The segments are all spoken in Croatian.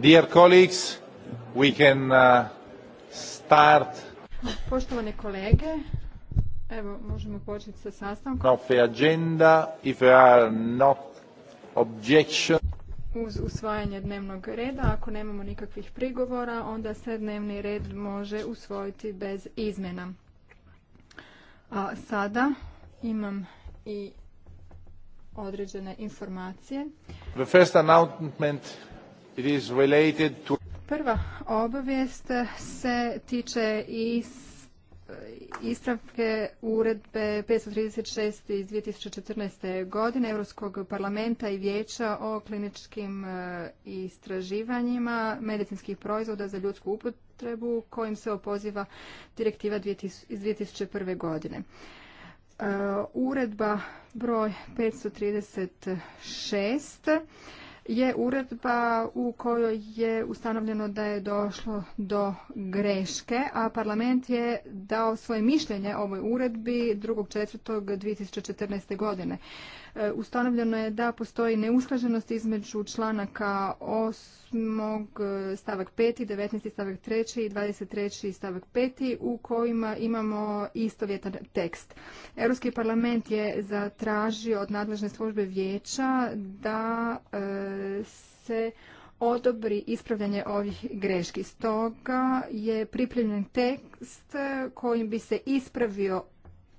Dear colleagues, we uh, start. Poštovane kolege, evo možemo početi sa sastankom. agenda, Uz usvajanje dnevnog reda, ako nemamo nikakvih prigovora, onda se dnevni red može usvojiti bez izmjena. A sada imam i određene informacije. Prva obavijest se tiče ispravke uredbe 536 iz 2014. godine Europskog parlamenta i vijeća o kliničkim e, istraživanjima medicinskih proizvoda za ljudsku upotrebu kojim se opoziva direktiva iz 2001. godine. E, uredba broj 536 je uredba u kojoj je ustanovljeno da je došlo do greške, a parlament je dao svoje mišljenje ovoj uredbi 2.4.2014. godine. E, ustanovljeno je da postoji neusklaženost između članaka 8. E, stavak 5. 19. stavak 3. i 23. stavak 5. u kojima imamo istovjetan tekst. Europski parlament je zatražio od nadležne službe vijeća da e, se odobri ispravljanje ovih greški. Stoga je pripremljen tekst kojim bi se ispravio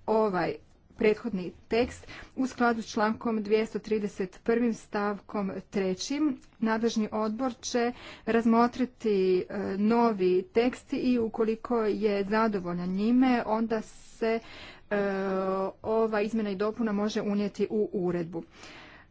ovaj prethodni tekst u skladu s člankom 231. stavkom 3. Nadležni odbor će razmotriti e, novi tekst i ukoliko je zadovoljan njime onda se e, ova izmjena i dopuna može unijeti u uredbu.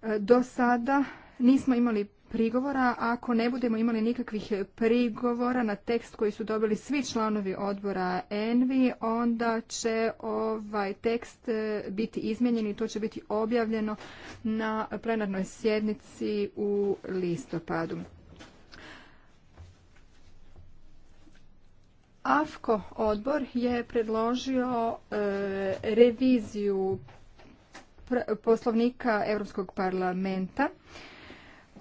E, do sada nismo imali prigovora. Ako ne budemo imali nikakvih prigovora na tekst koji su dobili svi članovi odbora ENVI, onda će ovaj tekst e, biti izmijenjen i to će biti objavljeno na plenarnoj sjednici u listopadu. AFKO odbor je predložio e, reviziju poslovnika Europskog parlamenta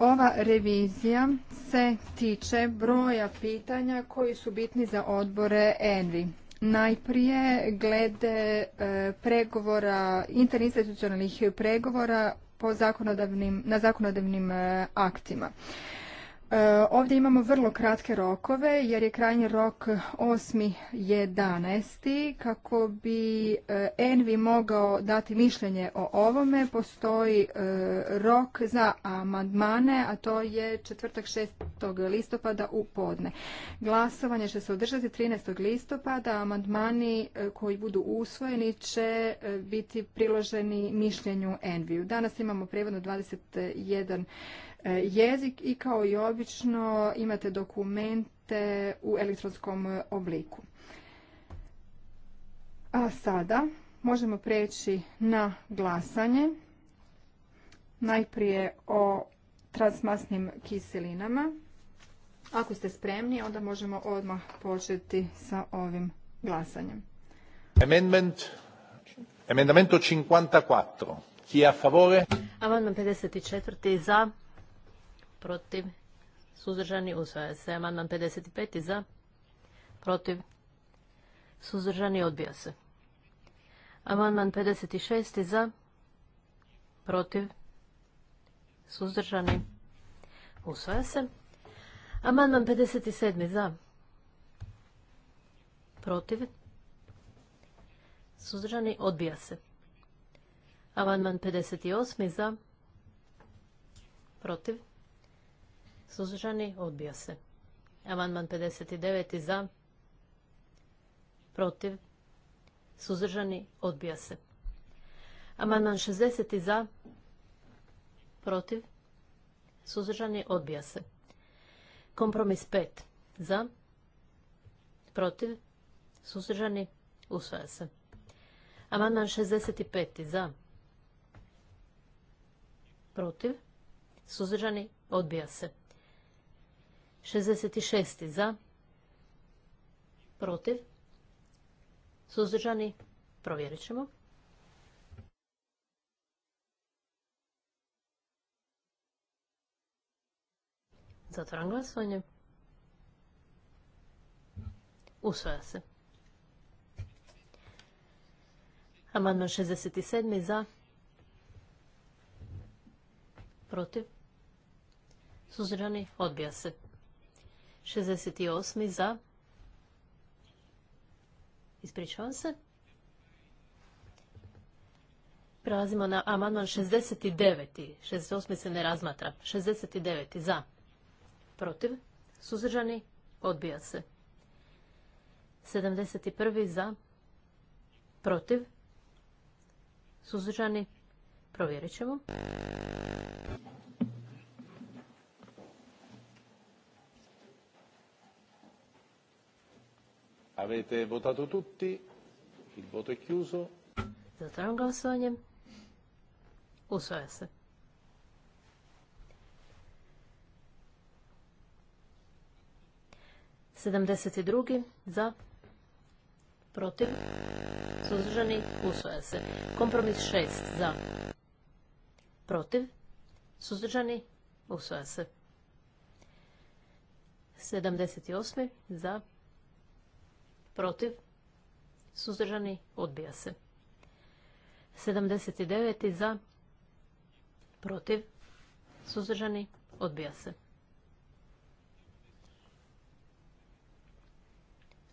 ova revizija se tiče broja pitanja koji su bitni za odbore ENVI. Najprije glede e, pregovora, interinstitucionalnih pregovora na zakonodavnim e, aktima. E, ovdje imamo vrlo kratke rokove jer je krajnji rok 8.11. Kako bi e, Envi mogao dati mišljenje o ovome postoji e, rok za amandmane, a to je četvrtak 6. listopada u podne. Glasovanje će se održati 13. listopada, amandmani koji budu usvojeni će biti priloženi mišljenju Enviju. Danas imamo prijevodno 21 E, jezik i kao i obično imate dokumente u elektronskom obliku. A sada možemo preći na glasanje. Najprije o transmasnim kiselinama. Ako ste spremni, onda možemo odmah početi sa ovim glasanjem. Amendment, amendamento 54. Chi a favore? Amendment 54. Za, protiv, suzdržani, usvaja se. Amandman 55. za, protiv, suzdržani, odbija se. Amandman 56. za, protiv, suzdržani, usvaja se. Amandman 57. za, protiv, suzdržani, odbija se. Amandman 58. za, protiv, Suzdržani? Odbija se. Amandman 59. Za? Protiv? Suzdržani? Odbija se. Amandman 60. Za? Protiv? Suzdržani? Odbija se. Kompromis 5. Za? Protiv? Suzdržani? Usvaja se. Amandman 65. Za? Protiv? Suzdržani? Odbija se. 66. za, protiv, suzdržani, provjerit ćemo. Zatvoram glasovanje. Usvaja se. Amandman 67. za. Protiv. Suzdržani. Odbija se. 68. za. Ispričavam se. Prelazimo na amandman 69. 68. se ne razmatra. 69. za. Protiv. Suzdržani. Odbija se. 71. za. Protiv. Suzdržani. Provjerit ćemo. Avete votato tutti? Il voto è chiuso. Zatvaram glasovanje. Usvaja se. drugi za, protiv, suzdržani, usvaja se. Kompromis šest za, protiv, suzdržani, usvaja se. osmi za, protiv, suzdržani, odbija se. 79. za, protiv, suzdržani, odbija se.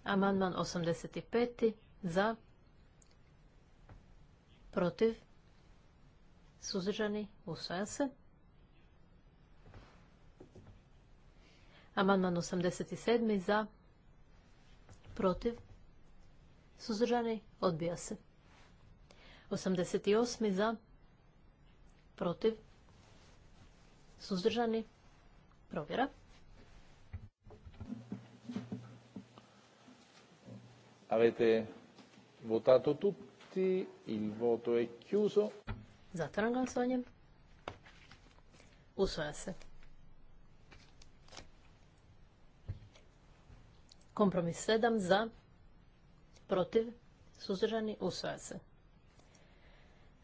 Amandman 85. za, protiv, suzdržani, usvaja se. Amandman 87. za, protiv, suzdržani, odbija se. 88. za, protiv, suzdržani, provjera. Avete votato tutti, il voto è chiuso. Zatvaram glasovanje. Usvaja se. Kompromis 7 za, protiv, suzdržani, usvaja se.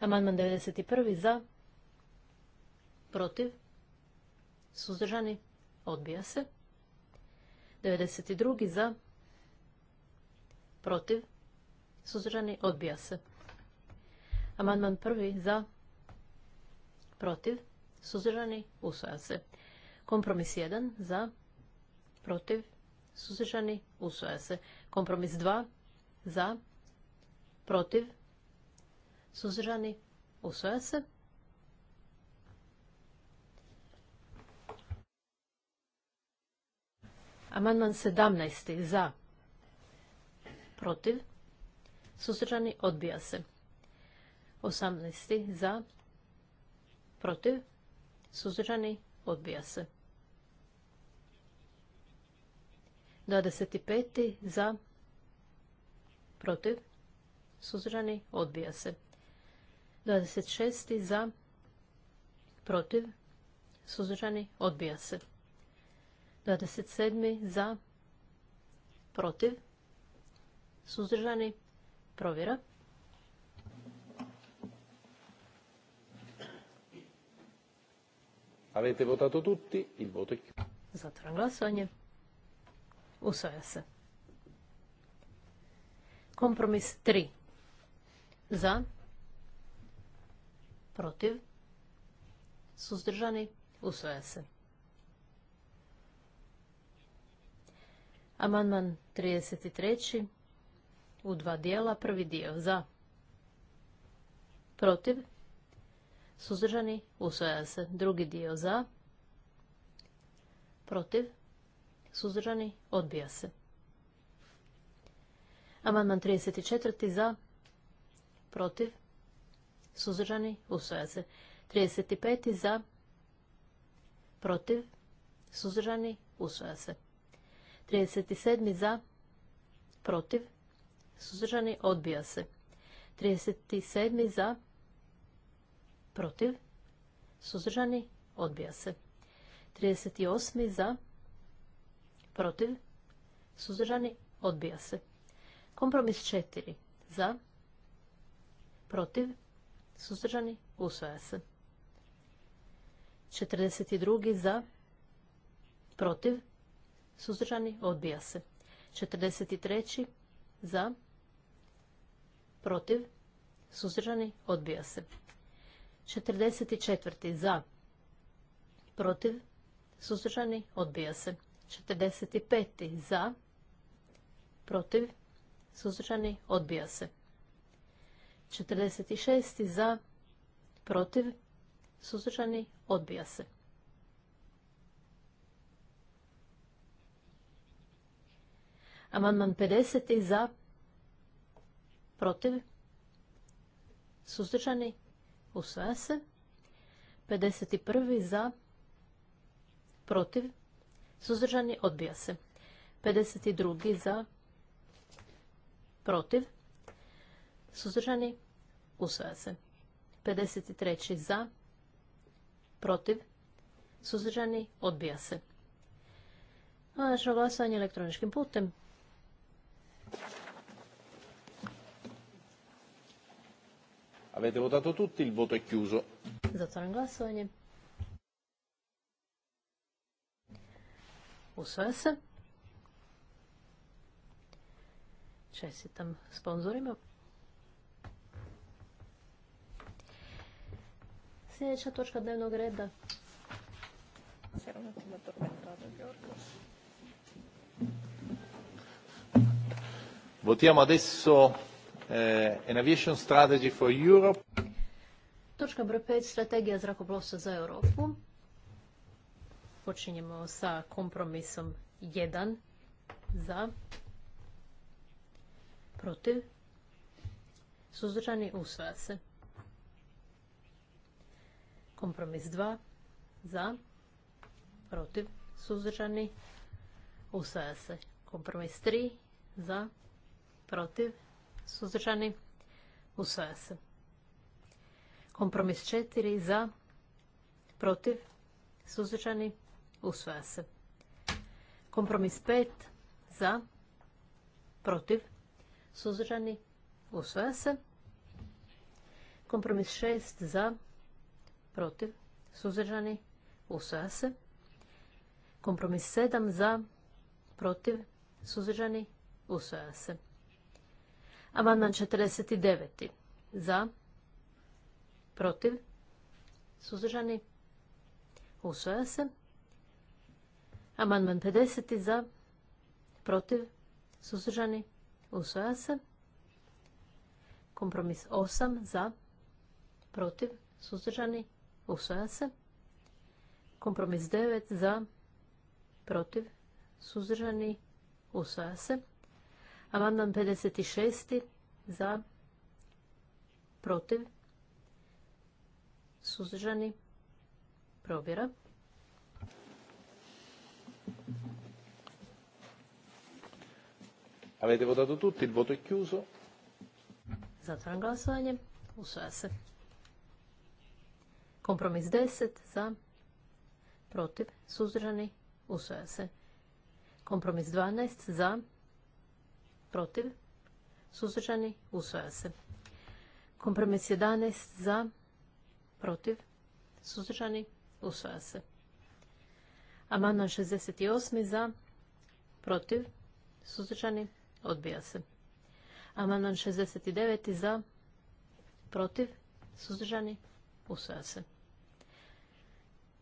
Amandman 91. za, protiv, suzdržani, odbija se. 92. za, protiv, suzdržani, odbija se. Amandman 1. za, protiv, suzdržani, usvaja se. Kompromis 1 za, protiv, suzdržani, usvaja se. Kompromis 2 za, protiv, suzdržani, usvaja se. Amandman 17. za, protiv, suzdržani, odbija se. 18. za, protiv, suzdržani, odbija se. 25. za, protiv, suzdržani, odbija se. 26. za, protiv, suzdržani, odbija se. 27. za, protiv, suzdržani, provjera. Avete votato tutti, il voto è chiuso. glasovanje. Usvaja se. Kompromis 3. Za. Protiv. Suzdržani. Usvaja se. Amandman 33. U dva dijela. Prvi dio. Za. Protiv. Suzdržani. Usvaja se. Drugi dio. Za. Protiv suzdržani, odbija se. Amandman 34. za, protiv, suzdržani, usvoja se. 35. za, protiv, suzdržani, usvoja se. 37. za, protiv, suzdržani, odbija se. 37. za, protiv, suzdržani, odbija se. 38. za, protiv, suzdržani, odbija se. Kompromis 4 za, protiv, suzdržani, usvaja se. 42 za, protiv, suzdržani, odbija se. 43 za, protiv, suzdržani, odbija se. 44 za, protiv, suzdržani, odbija se. 45. za, protiv, suzdržani, odbija se. 46. za, protiv, suzdržani, odbija se. Amandman 50. za, protiv, suzdržani, usvaja se. 51. za, protiv, Suzdržani odbija se. 52. za. Protiv. Suzdržani usvaja se. 53. za. Protiv. Suzdržani odbija se. Konačno glasovanje elektroničkim putem. Avete votato tutti, il voto è chiuso. Zatvaram glasovanje. Usvaja se. Čestitam sponzorima. Sljedeća točka dnevnog reda. Votiamo adesso eh, an aviation strategy for Europe. Točka broj 5, strategija zrakoplovstva za Europu. Počinjemo sa kompromisom 1 za, protiv, suzdržani usvaja se. Kompromis 2 za, protiv, suzdržani usvaja se. Kompromis 3 za, protiv, suzdržani usvaja se. Kompromis 4 za, protiv, suzdržani usvaja se. Usvaja se. Kompromis 5 za, protiv, suzdržani, usvaja se. Kompromis 6 za, protiv, suzdržani, usvaja se. Kompromis 7 za, protiv, suzdržani, usvaja se. Amandman 49. Za, protiv, suzdržani, usvaja se. Amandman 50. za, protiv, suzdržani, usvaja se. Kompromis 8 za, protiv, suzdržani, usvaja se. Kompromis 9 za, protiv, suzdržani, usvaja se. Amandman 56. za, protiv, suzdržani, provjera. Avete votato tutti, il voto è chiuso. Zatvaram glasovanje. Usvaja se. Kompromis 10 za, protiv, suzdržani, usvaja se. Kompromis 12 za, protiv, suzdržani, usvaja se. Kompromis 11 za, protiv, suzdržani, usvaja se. Amandman 68 za, protiv, suzdržani, Odbija se. Amandman 69. za. Protiv. Suzdržani. Usvaja se.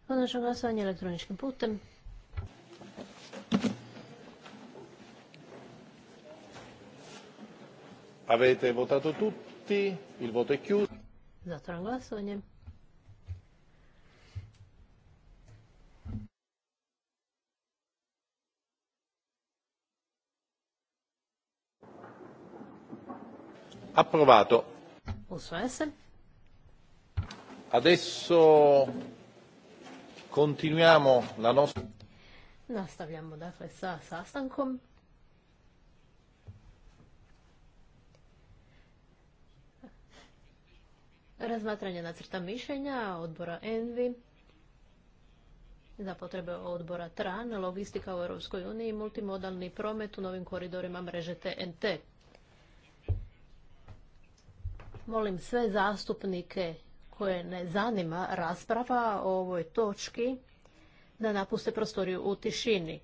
Konačno glasovanje elektroničkim putem. Avete votato tutti, il voto è chiuso. Zatvoram glasovanje. approvato se adesso continuiamo la nostra nastavljamo dakle sa sastankom razmatranje nacrta mišljenja odbora ENVI za potrebe odbora TRAN, logistika u Europskoj uniji, multimodalni promet u novim koridorima mreže TNT molim sve zastupnike koje ne zanima rasprava o ovoj točki da napuste prostoriju u tišini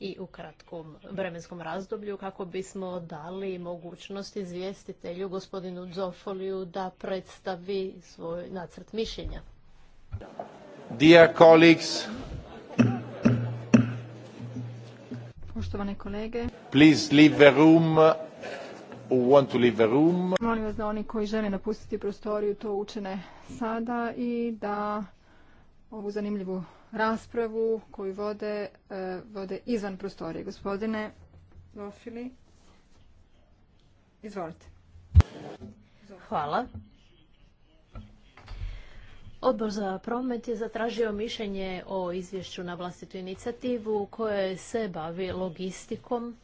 i u kratkom vremenskom razdoblju kako bismo dali mogućnost izvjestitelju gospodinu Zofoliju da predstavi svoj nacrt mišljenja. Dear colleagues, Poštovane kolege, please leave the room Molim vas da oni koji žele napustiti prostoriju to učene sada i da ovu zanimljivu raspravu koju vode, e, vode izvan prostorije. Gospodine Lofili, izvolite. Hvala. Odbor za promet je zatražio mišljenje o izvješću na vlastitu inicijativu koje se bavi logistikom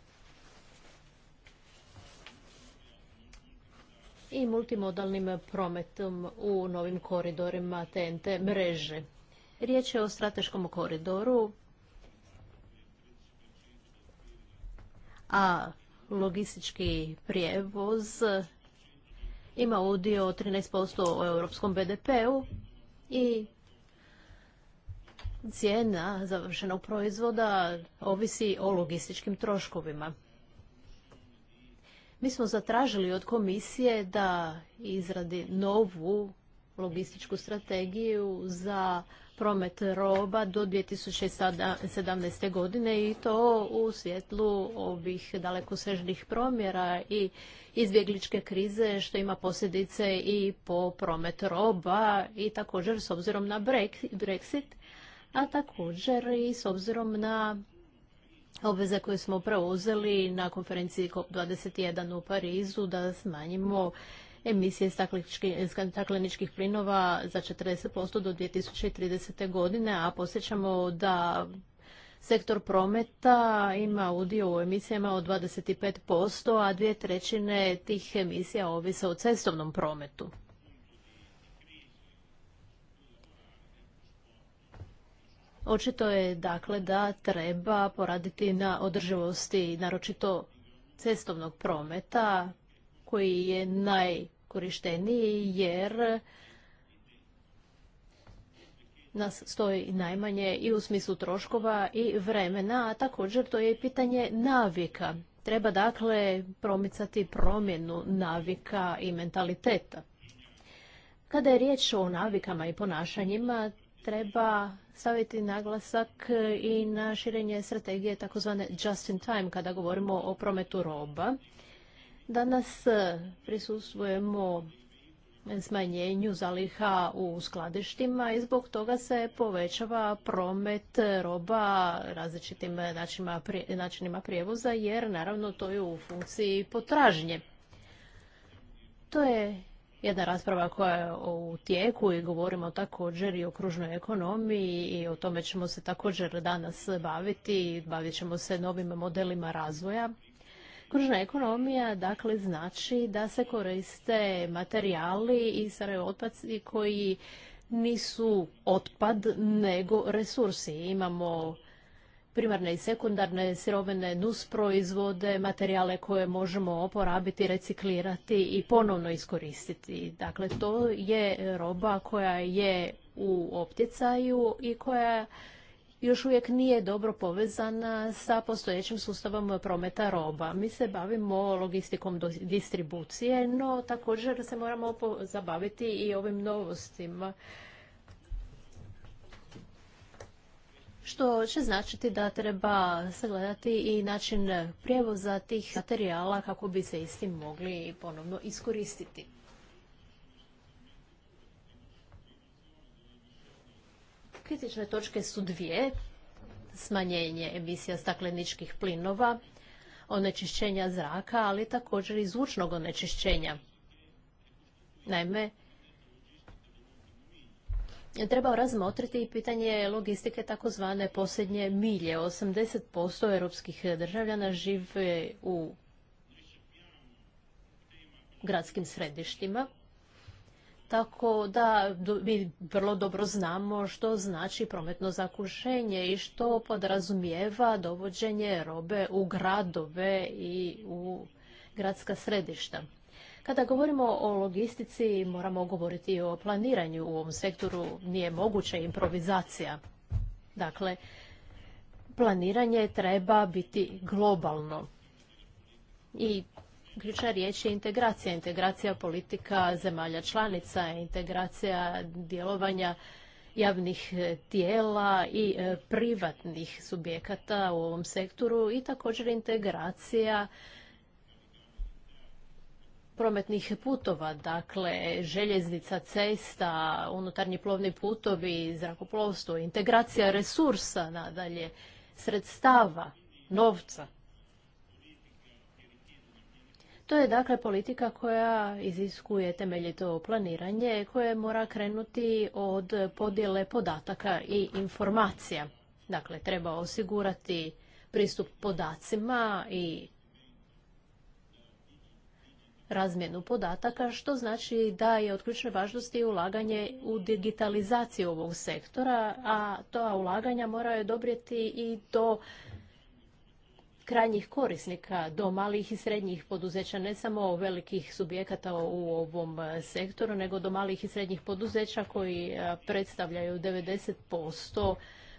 i multimodalnim prometom u novim koridorima TNT mreže. Riječ je o strateškom koridoru, a logistički prijevoz ima udio 13% u europskom BDP-u i cijena završenog proizvoda ovisi o logističkim troškovima. Mi smo zatražili od komisije da izradi novu logističku strategiju za promet roba do 2017. godine i to u svjetlu ovih dalekosežnih promjera i izbjegličke krize što ima posljedice i po promet roba i također s obzirom na Brexit, a također i s obzirom na obveze koje smo preuzeli na konferenciji COP21 u Parizu da smanjimo emisije stakleničkih plinova za 40% do 2030. godine, a posjećamo da sektor prometa ima udio u emisijama od 25%, a dvije trećine tih emisija ovise o cestovnom prometu. Očito je dakle da treba poraditi na održivosti naročito cestovnog prometa koji je najkorišteniji jer nas stoji najmanje i u smislu troškova i vremena, a također to je i pitanje navika. Treba dakle promicati promjenu navika i mentaliteta. Kada je riječ o navikama i ponašanjima, treba staviti naglasak e, i na širenje strategije takozvane just in time kada govorimo o prometu roba. Danas e, prisustujemo smanjenju zaliha u skladištima i zbog toga se povećava promet roba različitim načinima prijevoza jer naravno to je u funkciji potražnje. To je jedna rasprava koja je u tijeku i govorimo također i o kružnoj ekonomiji i o tome ćemo se također danas baviti, bavit ćemo se novim modelima razvoja. Kružna ekonomija dakle znači da se koriste materijali i stare koji nisu otpad nego resursi. Imamo primarne i sekundarne sirovine, nusproizvode, materijale koje možemo oporabiti, reciklirati i ponovno iskoristiti. Dakle, to je roba koja je u opticaju i koja još uvijek nije dobro povezana sa postojećim sustavom prometa roba. Mi se bavimo logistikom distribucije, no također se moramo zabaviti i ovim novostima što će značiti da treba sagledati i način prijevoza tih materijala kako bi se istim mogli ponovno iskoristiti. Kritične točke su dvije, smanjenje emisija stakleničkih plinova, onečišćenja zraka, ali također i zvučnog onečišćenja. Naime, Treba razmotriti i pitanje logistike takozvane posljednje milje. 80% europskih državljana žive u gradskim središtima. Tako da mi vrlo dobro znamo što znači prometno zakušenje i što podrazumijeva dovođenje robe u gradove i u gradska središta. Kada govorimo o logistici, moramo govoriti i o planiranju. U ovom sektoru nije moguća improvizacija. Dakle, planiranje treba biti globalno. I ključna riječ je integracija. Integracija politika zemalja članica, integracija djelovanja javnih tijela i e, privatnih subjekata u ovom sektoru i također integracija prometnih putova, dakle željeznica, cesta, unutarnji plovni putovi, zrakoplovstvo, integracija resursa nadalje, sredstava, novca. To je dakle politika koja iziskuje temeljito planiranje koje mora krenuti od podjele podataka i informacija. Dakle, treba osigurati pristup podacima i razmjenu podataka, što znači da je od ključne važnosti ulaganje u digitalizaciju ovog sektora, a to ulaganja moraju dobrijeti i do krajnjih korisnika, do malih i srednjih poduzeća, ne samo velikih subjekata u ovom sektoru, nego do malih i srednjih poduzeća koji predstavljaju 90%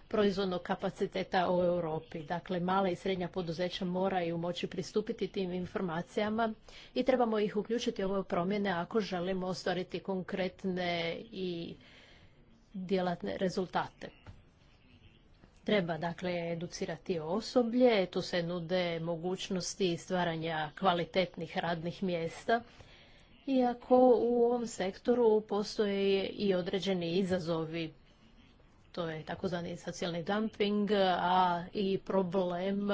proizvodnog kapaciteta u Europi. Dakle, mala i srednja poduzeća moraju moći pristupiti tim informacijama i trebamo ih uključiti u ove promjene ako želimo ostvariti konkretne i djelatne rezultate. Treba dakle educirati osoblje, tu se nude mogućnosti stvaranja kvalitetnih radnih mjesta, iako u ovom sektoru postoje i određeni izazovi to je takozvani socijalni dumping, a i problem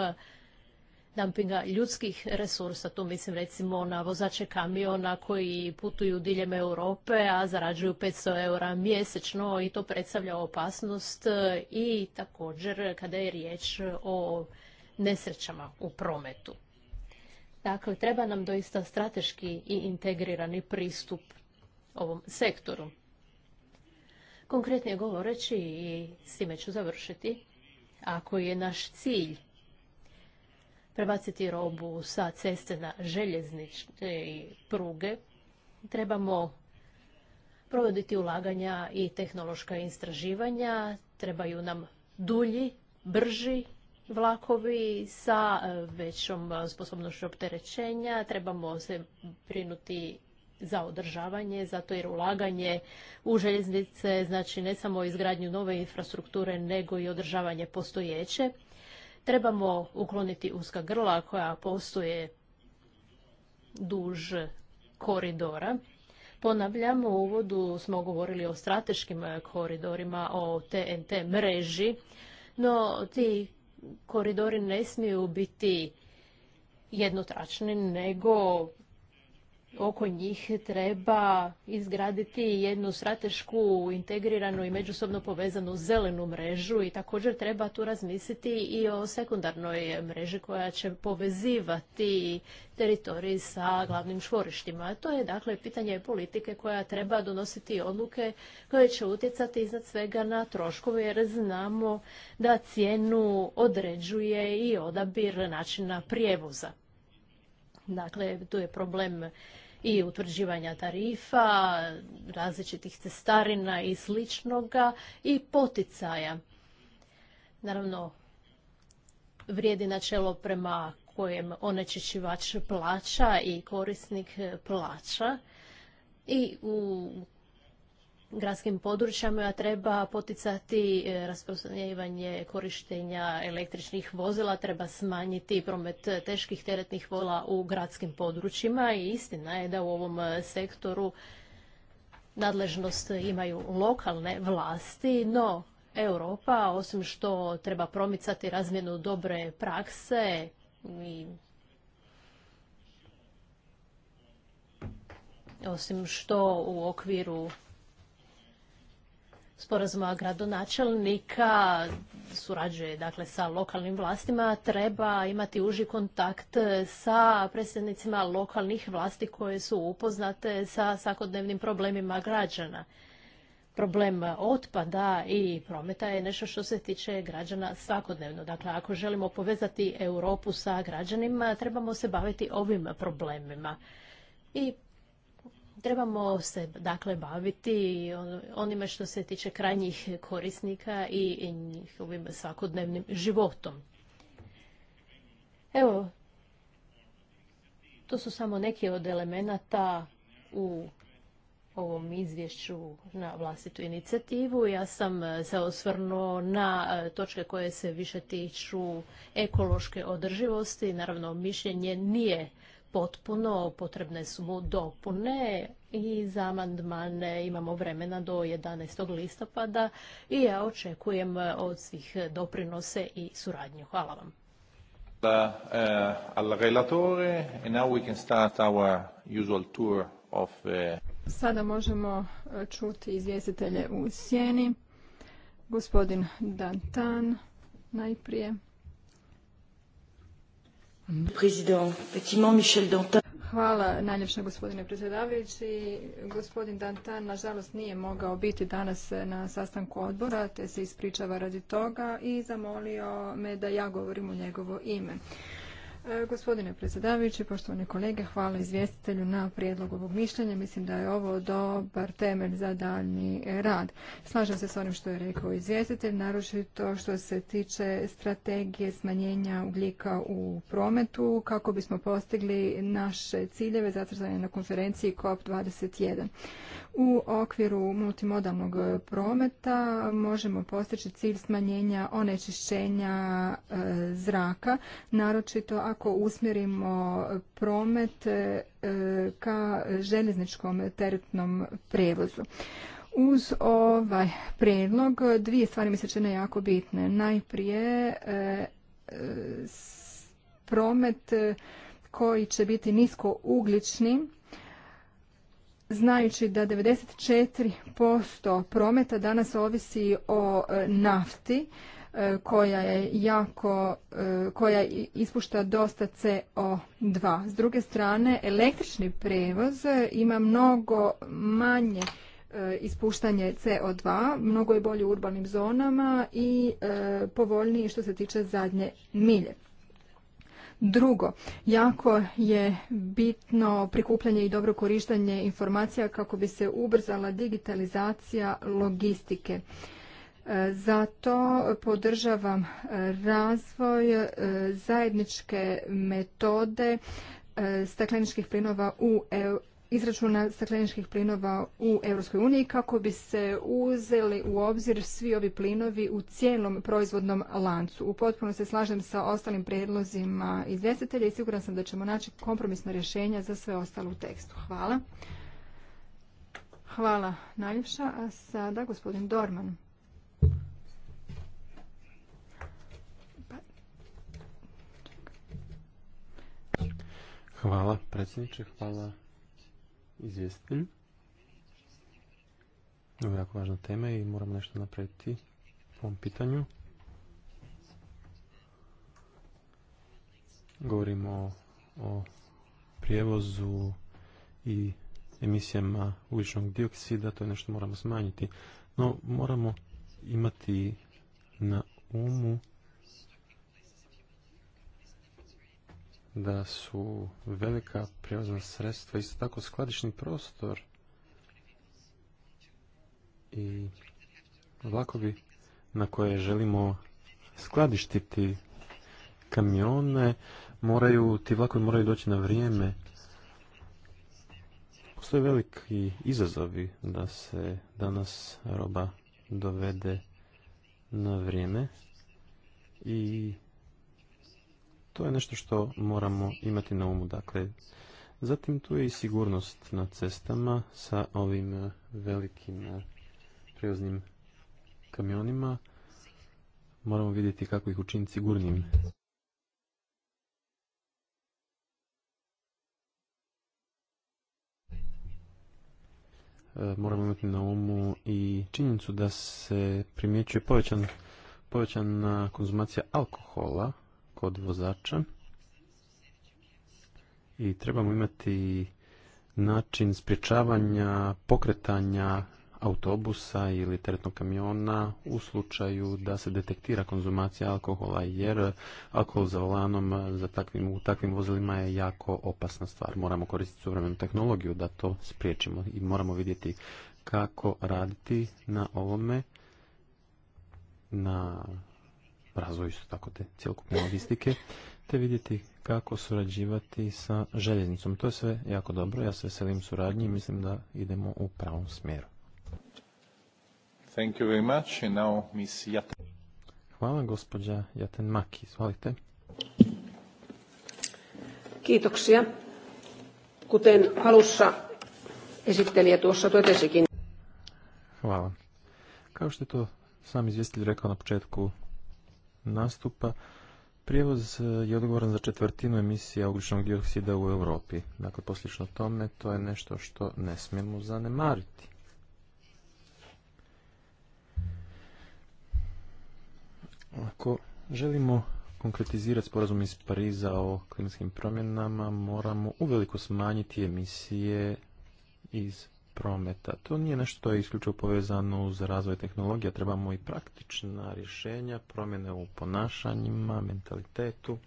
dumpinga ljudskih resursa. Tu mislim recimo na vozače kamiona koji putuju diljem Europe, a zarađuju 500 eura mjesečno i to predstavlja opasnost i također kada je riječ o nesrećama u prometu. Dakle, treba nam doista strateški i integrirani pristup ovom sektoru. Konkretnije govoreći, i s time ću završiti, ako je naš cilj prebaciti robu sa ceste na željezničke pruge, trebamo provoditi ulaganja i tehnološka istraživanja, trebaju nam dulji, brži vlakovi sa e, većom e, sposobnošću opterećenja, trebamo se brinuti za održavanje, zato jer ulaganje u željeznice znači ne samo izgradnju nove infrastrukture, nego i održavanje postojeće. Trebamo ukloniti uska grla koja postoje duž koridora. Ponavljamo u uvodu smo govorili o strateškim koridorima, o TNT mreži, no ti koridori ne smiju biti jednotračni, nego oko njih treba izgraditi jednu stratešku, integriranu i međusobno povezanu zelenu mrežu i također treba tu razmisliti i o sekundarnoj mreži koja će povezivati teritorij sa glavnim čvorištima. To je dakle pitanje politike koja treba donositi odluke koje će utjecati iznad svega na troškove jer znamo da cijenu određuje i odabir načina prijevoza. Dakle, tu je problem i utvrđivanja tarifa, različitih cestarina i sličnoga i poticaja. Naravno, vrijedi načelo prema kojem onečišćivač plaća i korisnik plaća i u gradskim područjama treba poticati e, rasprostranjivanje korištenja električnih vozila, treba smanjiti promet teških teretnih vola u gradskim područjima i istina je da u ovom e, sektoru nadležnost imaju lokalne vlasti, no Europa, osim što treba promicati razmjenu dobre prakse i osim što u okviru sporazuma gradonačelnika surađuje dakle sa lokalnim vlastima treba imati uži kontakt sa predsjednicima lokalnih vlasti koje su upoznate sa svakodnevnim problemima građana. Problem otpada i prometa je nešto što se tiče građana svakodnevno. Dakle, ako želimo povezati Europu sa građanima, trebamo se baviti ovim problemima. I Trebamo se dakle baviti ono, onime što se tiče krajnjih korisnika i njihovim svakodnevnim životom. Evo, to su samo neki od elemenata u ovom izvješću na vlastitu inicijativu. Ja sam se osvrnuo na e, točke koje se više tiču ekološke održivosti. Naravno, mišljenje nije potpuno, potrebne su mu dopune i za amandmane imamo vremena do 11. listopada i ja očekujem od svih doprinose i suradnju. Hvala vam. Sada možemo eh, čuti izvjestitelje u sjeni. Gospodin Dantan najprije. Hvala najljepša gospodine predsjedavajući. Gospodin Dantan nažalost nije mogao biti danas na sastanku odbora te se ispričava radi toga i zamolio me da ja govorim u njegovo ime. E, gospodine predsjedavajući, poštovani kolege, hvala izvjestitelju na prijedlog ovog mišljenja. Mislim da je ovo dobar temelj za daljnji rad. Slažem se s onim što je rekao izvjestitelj, naročito što se tiče strategije smanjenja ugljika u prometu kako bismo postigli naše ciljeve zacrtane na konferenciji COP21. U okviru multimodalnog prometa možemo postići cilj smanjenja onečišćenja e, zraka, naročito ako usmjerimo promet e, ka željezničkom teretnom prevozu. Uz ovaj predlog dvije stvari mi se čine jako bitne. Najprije e, promet koji će biti nisko ugljični znajući da 94% prometa danas ovisi o e, nafti E, koja je jako, e, koja ispušta dosta CO2. S druge strane, električni prevoz ima mnogo manje e, ispuštanje CO2, mnogo je bolje u urbanim zonama i povoljniji što se tiče zadnje milje. Drugo, jako je bitno prikupljanje i dobro korištenje informacija kako bi se ubrzala digitalizacija logistike. Zato podržavam razvoj e, zajedničke metode e, stakleničkih plinova u izračuna stakleničkih plinova u EU kako bi se uzeli u obzir svi ovi plinovi u cijelom proizvodnom lancu. U potpuno se slažem sa ostalim prijedlozima izvjestitelja i siguran sam da ćemo naći kompromisno rješenja za sve ostalo u tekstu. Hvala. Hvala najljepša. A sada gospodin Dorman. Hvala predsjedniče, hvala izvjestitelju. Ovo je jako važna tema i moram nešto napraviti po ovom pitanju. Govorimo o, prijevozu i emisijama uličnog dioksida, to je nešto moramo smanjiti. No, moramo imati na umu da su velika prijevozna sredstva isto tako skladišni prostor i vlakovi na koje želimo skladištiti kamione moraju, ti vlakovi moraju doći na vrijeme postoje veliki izazovi da se danas roba dovede na vrijeme i to je nešto što moramo imati na umu. Dakle, zatim tu je i sigurnost na cestama sa ovim e, velikim e, prijevoznim kamionima. Moramo vidjeti kako ih učiniti sigurnim. E, moramo imati na umu i činjenicu da se primjećuje povećan, povećana konzumacija alkohola kod vozača i trebamo imati način sprječavanja pokretanja autobusa ili teretnog kamiona u slučaju da se detektira konzumacija alkohola jer alkohol za volanom za takvim, u takvim vozilima je jako opasna stvar. Moramo koristiti suvremenu tehnologiju da to spriječimo i moramo vidjeti kako raditi na ovome na razvoju su tako te cjelokupne logistike, te vidjeti kako surađivati sa željeznicom. To je sve jako dobro, ja se veselim suradnji i mislim da idemo u pravom smjeru. Thank you very much. And now, Miss Jaten. Hvala, gospođa Jaten Maki. Izvolite. Kiitoksia. Kuten alussa esittelijä tuossa totesikin. Hvala. Kao što je to sam izvjestitelj rekao na početku nastupa, prijevoz e, je odgovoran za četvrtinu emisija ugljičnog dioksida u Europi. Dakle, poslično tome, to je nešto što ne smijemo zanemariti. Ako želimo konkretizirati sporazum iz Pariza o klimatskim promjenama, moramo uveliko smanjiti emisije iz prometa. To nije nešto što je isključivo povezano uz razvoj tehnologija. Trebamo i praktična rješenja, promjene u ponašanjima, mentalitetu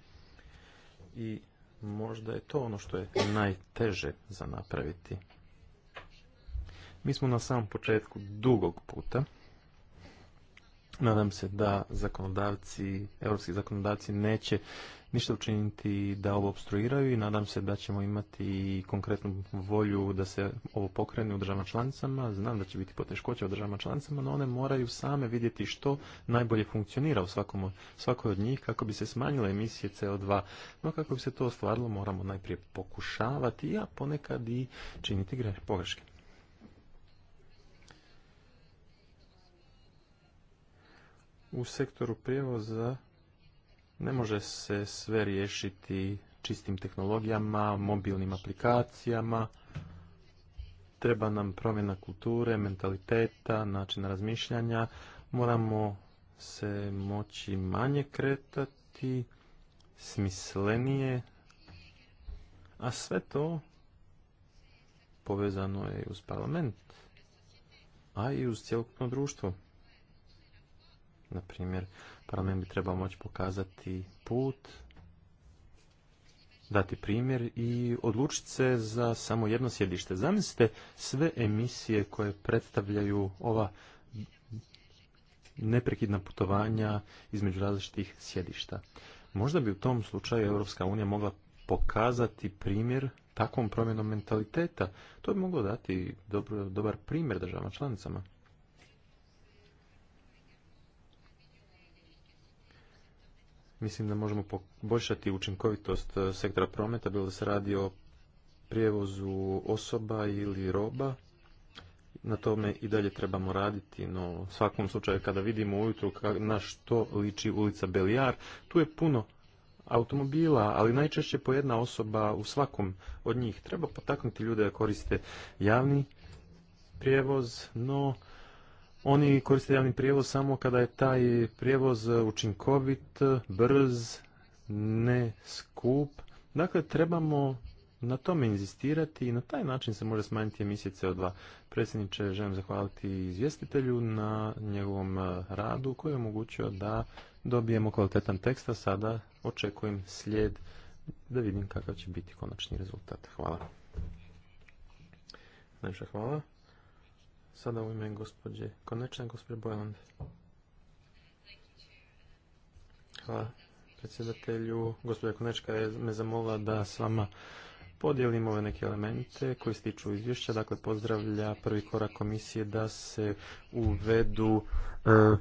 i možda je to ono što je najteže za napraviti. Mi smo na samom početku dugog puta. Nadam se da zakonodavci, europski zakonodavci neće ništa učiniti da ovo obstruiraju i nadam se da ćemo imati konkretnu volju da se ovo pokrene u državama članicama. Znam da će biti poteškoće u državama članicama, no one moraju same vidjeti što najbolje funkcionira u svakom, svakoj od njih kako bi se smanjile emisije CO2. No kako bi se to ostvarilo moramo najprije pokušavati, a ponekad i činiti pogreške. U sektoru prijevoza ne može se sve riješiti čistim tehnologijama, mobilnim aplikacijama. Treba nam promjena kulture, mentaliteta, načina razmišljanja. Moramo se moći manje kretati, smislenije. A sve to povezano je i uz parlament, a i uz cjelokupno društvo. Na primjer, parlament bi trebao moći pokazati put, dati primjer i odlučiti se za samo jedno sjedište. Zamislite sve emisije koje predstavljaju ova neprekidna putovanja između različitih sjedišta. Možda bi u tom slučaju Europska unija mogla pokazati primjer takvom promjenom mentaliteta. To bi moglo dati dobar primjer državama članicama. Mislim da možemo poboljšati učinkovitost e, sektora prometa, bilo da se radi o prijevozu osoba ili roba. Na tome i dalje trebamo raditi, no u svakom slučaju kada vidimo ujutru na što liči ulica Belijar, tu je puno automobila, ali najčešće po jedna osoba u svakom od njih. Treba potaknuti ljude da koriste javni prijevoz, no oni koriste javni prijevoz samo kada je taj prijevoz učinkovit, brz, ne skup. Dakle, trebamo na tome inzistirati i na taj način se može smanjiti emisije CO2. Predsjedniče, želim zahvaliti izvjestitelju na njegovom eh, radu koji je omogućio da dobijemo kvalitetan tekst, a sada očekujem slijed da vidim kakav će biti konačni rezultat. Hvala. hvala. Sada u ime gospođe Konečne, gospođe Bojland. Hvala predsjedatelju. Gospođa Konečka me zamolila da s vama podijelim ove neke elemente koji se tiču izvješća. Dakle, pozdravlja prvi korak komisije da se uvedu e,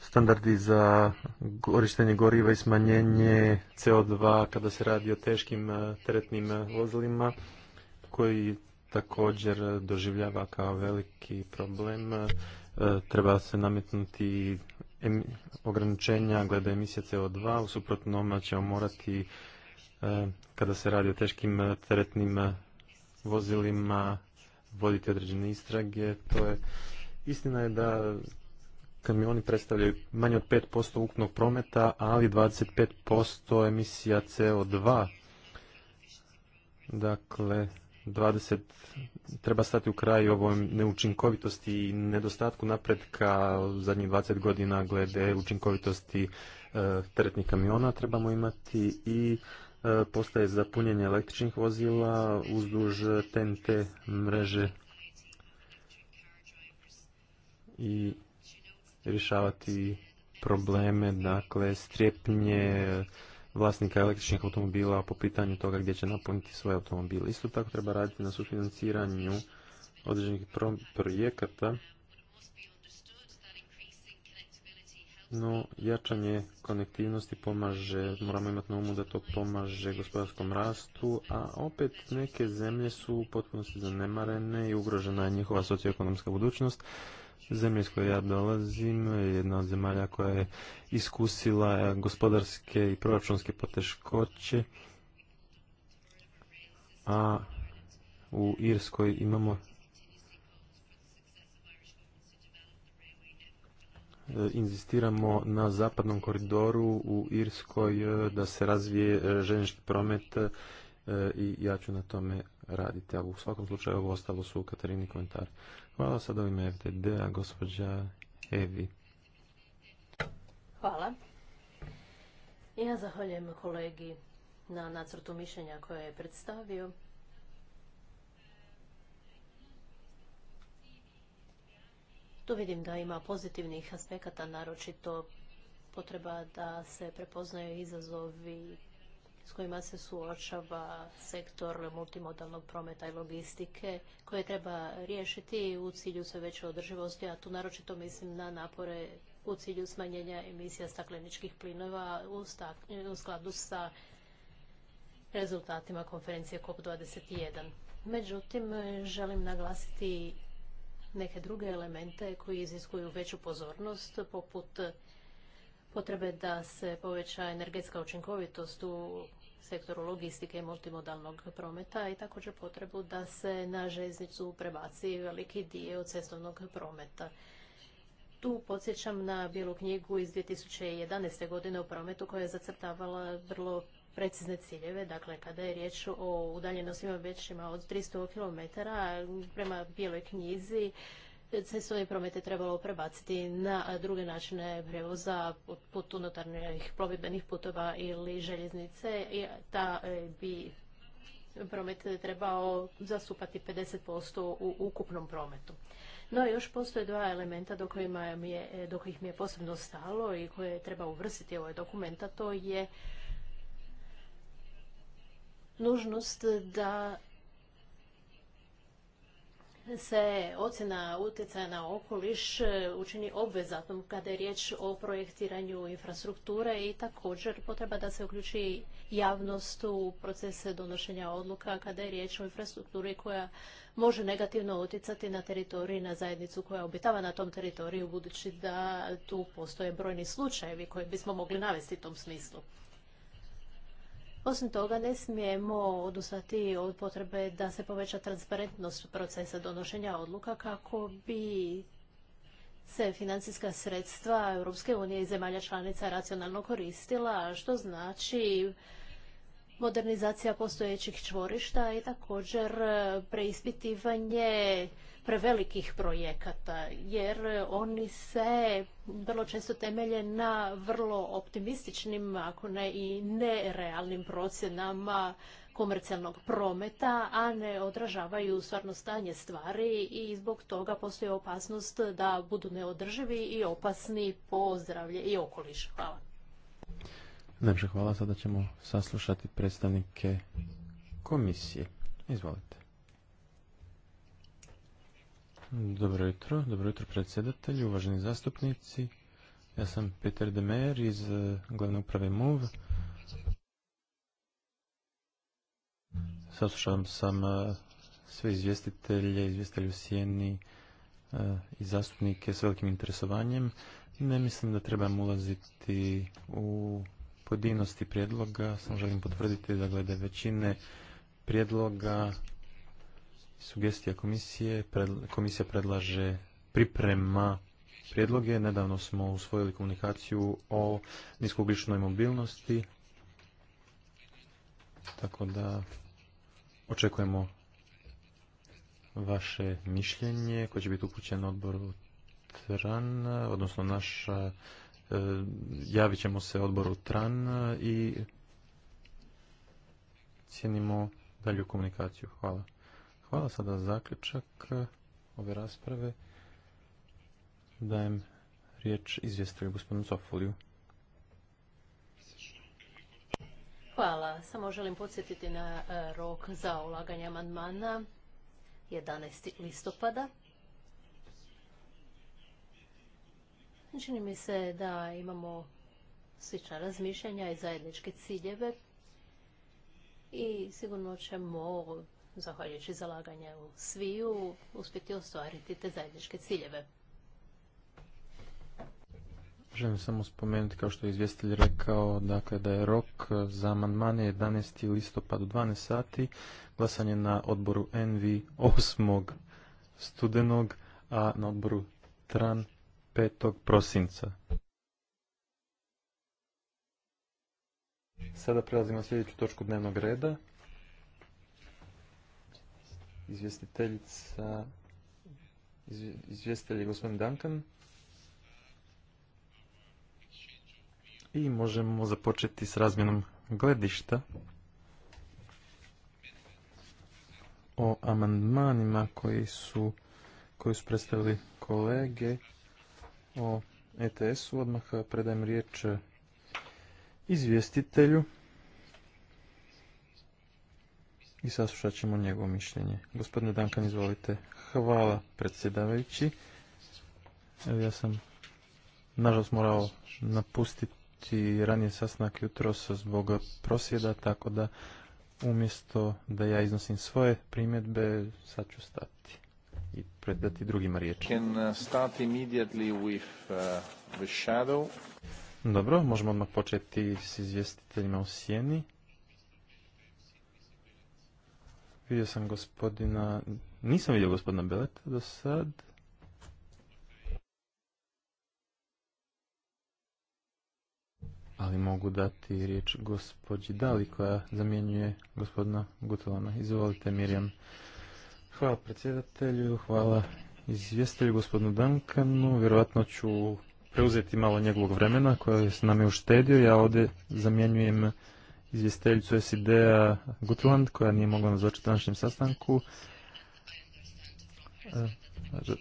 standardi za korištenje goriva i smanjenje CO2 kada se radi o teškim e, teretnim e, vozilima koji također doživljava kao veliki problem. E, treba se nametnuti ograničenja glede emisije CO2, u suprotnom ćemo morati e, kada se radi o teškim e, teretnim vozilima voditi određene istrage. To je, istina je da kamioni predstavljaju manje od 5% ukupnog prometa, ali 25% emisija CO2. Dakle, 20 treba stati u kraj ovoj neučinkovitosti i nedostatku napretka zadnjih 20 godina glede učinkovitosti e, teretnih kamiona. Trebamo imati i e, postaje za električnih vozila uzduž TNT mreže i rješavati probleme, dakle, strepnje, vlasnika električnih automobila po pitanju toga gdje će napuniti svoj automobil. Isto tako treba raditi na sufinanciranju određenih projekata no jačanje konektivnosti pomaže, moramo imati na umu da to pomaže gospodarskom rastu, a opet neke zemlje su u potpunosti zanemarene i ugrožena je njihova socioekonomska budućnost. Zemlja iz koje ja dolazim je jedna od zemalja koja je iskusila gospodarske i proračunske poteškoće, a u Irskoj imamo E, inzistiramo na zapadnom koridoru u Irskoj e, da se razvije e, željeznički promet i ja ću na tome raditi. Ali u svakom slučaju ovo ostalo su u Katarini komentar. Hvala sad ovime fdd a gospođa Evi. Hvala. Ja zahvaljujem kolegi na nacrtu mišljenja koje je predstavio. Tu vidim da ima pozitivnih aspekata, naročito potreba da se prepoznaju izazovi s kojima se suočava sektor multimodalnog prometa i logistike koje treba riješiti u cilju sve veće održivosti, a tu naročito mislim na napore u cilju smanjenja emisija stakleničkih plinova u, u skladu sa rezultatima konferencije COP21. Međutim, želim naglasiti neke druge elemente koji iziskuju veću pozornost, poput potrebe da se poveća energetska učinkovitost u sektoru logistike i multimodalnog prometa i također potrebu da se na željeznicu prebaci veliki dio cestovnog prometa. Tu podsjećam na bijelu knjigu iz 2011. godine o prometu koja je zacrtavala vrlo precizne ciljeve. Dakle, kada je riječ o udaljenostima većima od 300 km prema bijeloj knjizi, se svoje trebalo prebaciti na druge načine prevoza put unutarnjih plovidbenih putova ili željeznice i ta e, bi promet trebao zastupati 50% u ukupnom prometu. No, još postoje dva elementa do, kojima je, do kojih mi je posebno stalo i koje treba uvrstiti ovaj dokument, a to je nužnost da se ocjena utjecaja na okoliš e, učini obvezatnom kada je riječ o projektiranju infrastrukture i također potreba da se uključi javnost u procese donošenja odluka kada je riječ o infrastrukturi koja može negativno utjecati na teritorij, na zajednicu koja obitava na tom teritoriju, budući da tu postoje brojni slučajevi koje bismo mogli navesti u tom smislu. Osim toga, ne smijemo odustati od potrebe da se poveća transparentnost procesa donošenja odluka kako bi se financijska sredstva Europske unije i zemalja članica racionalno koristila, što znači modernizacija postojećih čvorišta i također preispitivanje prevelikih projekata, jer oni se vrlo često temelje na vrlo optimističnim, ako ne i nerealnim procjenama komercijalnog prometa, a ne odražavaju stvarno stanje stvari i zbog toga postoji opasnost da budu neodrživi i opasni po zdravlje i okoliš. Hvala. hvala. Sada ćemo saslušati predstavnike komisije. Izvolite. Dobro jutro, dobro jutro predsjedatelji, uvaženi zastupnici. Ja sam Peter Demer iz e, glavne uprave MOV. Saslušao sam e, sve izvjestitelje, izvjestitelje u Sijeni e, i zastupnike s velikim interesovanjem. Ne mislim da trebam ulaziti u pojedinosti prijedloga, samo želim potvrditi da glede većine prijedloga sugestija komisije, komisija predlaže priprema prijedloge. Nedavno smo usvojili komunikaciju o niskougličnoj mobilnosti, tako da očekujemo vaše mišljenje koje će biti upućeno odboru TRAN, odnosno naša, e, javit ćemo se odboru TRAN i cijenimo dalju komunikaciju. Hvala. Hvala sada zaključak ove rasprave. Dajem riječ izvjestitelju gospodinu Zofuliju. Hvala. Samo želim podsjetiti na e, rok za ulaganje amandmana 11. listopada. Čini mi se da imamo slična razmišljanja i zajedničke ciljeve i sigurno ćemo zahvaljujući u sviju, uspjeti ostvariti te zajedničke ciljeve. Želim samo spomenuti, kao što je izvjestitelj rekao, dakle, da je rok za amandmane 11. listopad u 12 sati, glasanje na odboru NV 8. studenog, a na odboru TRAN 5. prosinca. Sada prelazimo na sljedeću točku dnevnog reda izvjestiteljica, izvjestitelj je gospodin Duncan. I možemo započeti s razmjenom gledišta o amandmanima koji su, koji su predstavili kolege o ETS-u. Odmah predajem riječ izvjestitelju i saslušat ćemo njegovo mišljenje. Gospodine Dankan, izvolite. Hvala, predsjedavajući. ja sam, nažalost, morao napustiti ranije sasnak jutros zbog prosvjeda, tako da umjesto da ja iznosim svoje primjedbe, sad ću stati i predati drugima riječ. Uh, uh, Dobro, možemo odmah početi s izvjestiteljima u sjeni. Vidio sam gospodina... Nisam vidio gospodina Beleta do sad. Ali mogu dati riječ gospođi Dali koja zamjenjuje gospodina Gutelana. Izvolite Mirjam. Hvala predsjedatelju, hvala izvjestelju gospodinu Duncanu. Vjerojatno ću preuzeti malo njegovog vremena koje nam je uštedio. Ja ovdje zamjenjujem izvjestiteljicu SID-a Gutland, koja nije mogla nazočiti današnjem sastanku. E,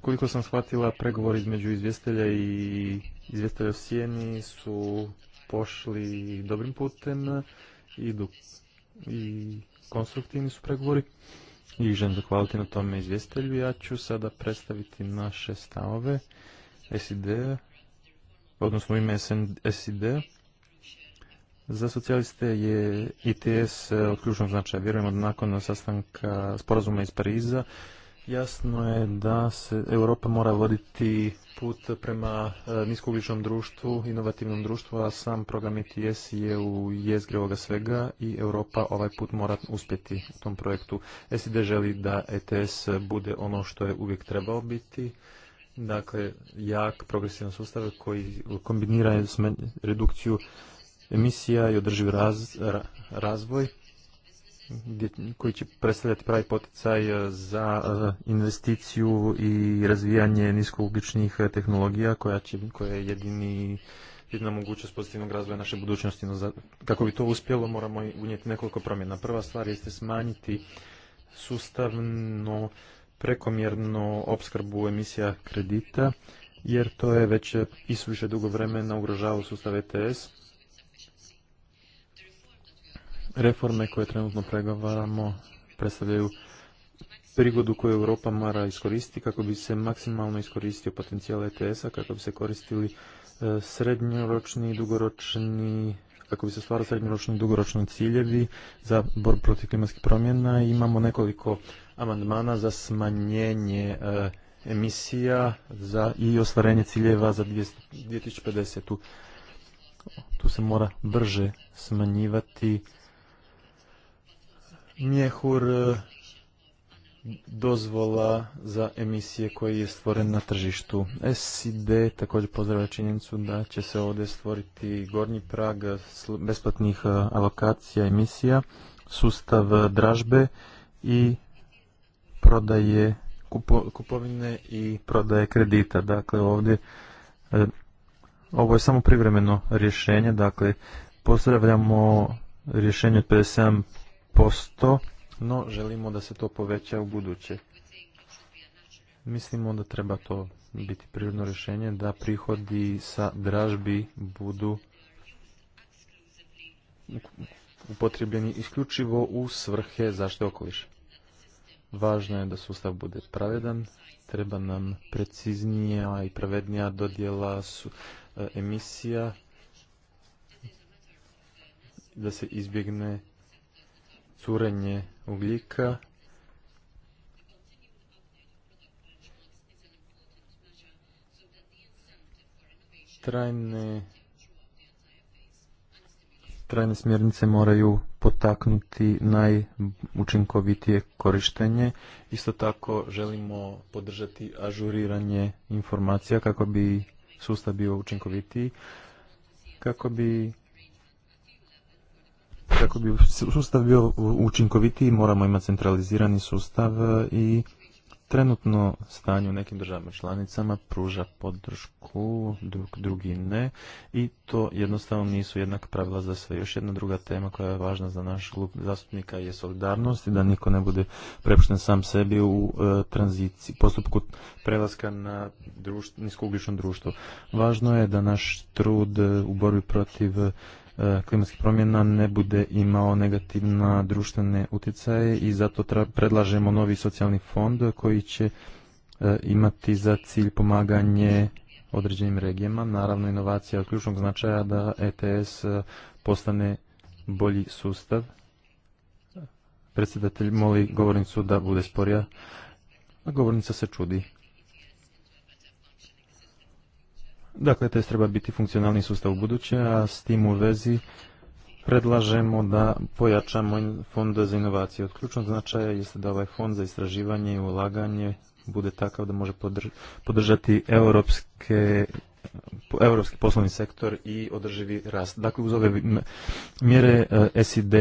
koliko sam shvatila, pregovor između izvjestelja i izvjestelja o sjeni su pošli dobrim putem i, i konstruktivni su pregovori. I želim zahvaliti na tome izvjestelju. Ja ću sada predstaviti naše stavove SID-a, odnosno ime SID-a. Za socijaliste je ITS e, od ključnog značaja. Vjerujemo da nakon sastanka sporazuma iz Pariza jasno je da se Europa mora voditi put prema e, niskougličnom društvu, inovativnom društvu, a sam program ITS je u jezgri ovoga svega i Europa ovaj put mora uspjeti u tom projektu. SID želi da ETS bude ono što je uvijek trebao biti, dakle jak progresivan sustav koji kombinira redukciju emisija i održivi razvoj koji će predstavljati pravi poticaj e, za e, investiciju i razvijanje niskougljičnih e, tehnologija koja, će, koja je jedini jedina mogućnost pozitivnog razvoja naše budućnosti. No, kako bi to uspjelo, moramo unijeti nekoliko promjena. Prva stvar jeste smanjiti sustavno prekomjerno opskrbu emisija kredita, jer to je već isuviše dugo vremena ugrožavao sustav ETS Reforme koje trenutno pregovaramo predstavljaju prigodu koju Europa mora iskoristiti kako bi se maksimalno iskoristio potencijal ETS-a, kako bi se koristili e, srednjoročni i dugoročni kako bi se stvarali srednjoročni i dugoročni ciljevi za borbu protiv klimatskih promjena. Imamo nekoliko amandmana za smanjenje e, emisija za i ostvarenje ciljeva za 2050. Tu se mora brže smanjivati mjehur e, dozvola za emisije koji je stvoren na tržištu. SID također pozdravlja činjenicu da će se ovdje stvoriti gornji prag besplatnih e, alokacija emisija, sustav dražbe i prodaje kupovine i prodaje kredita. Dakle, ovdje e, ovo je samo privremeno rješenje, dakle, pozdravljamo rješenje od posto, no želimo da se to poveća u buduće. Mislimo da treba to biti prirodno rješenje da prihodi sa dražbi budu upotrebljeni isključivo u svrhe zaštite okoliša. Važno je da sustav bude pravedan, treba nam preciznija i pravednija dodjela su, e, emisija, da se izbjegne curenje ugljika trajne trajne smjernice moraju potaknuti najučinkovitije korištenje. Isto tako želimo podržati ažuriranje informacija kako bi sustav bio učinkovitiji, kako bi kako bi sustav bio učinkovitiji moramo imati centralizirani sustav e, i trenutno stanje u nekim državama članicama pruža podršku, drug, drugi ne i to jednostavno nisu jednak pravila za sve. Još jedna druga tema koja je važna za naš klub zastupnika je solidarnost i da niko ne bude prepušten sam sebi u e, tranziciji, postupku prelaska na društvo, niskougljično društvo. Važno je da naš trud e, u borbi protiv E, klimatskih promjena ne bude imao negativna društvene utjecaje i zato predlažemo novi socijalni fond koji će e, imati za cilj pomaganje određenim regijama. Naravno, inovacija od ključnog značaja da ETS e, postane bolji sustav. Predsjedatelj moli govornicu da bude sporija, a govornica se čudi. Dakle, test treba biti funkcionalni sustav u buduće, a s tim u vezi predlažemo da pojačamo fond za inovacije. Od ključnog značaja jeste da ovaj fond za istraživanje i ulaganje bude takav da može podržati europske europski poslovni sektor i održivi rast. Dakle, uz ove mjere e, SID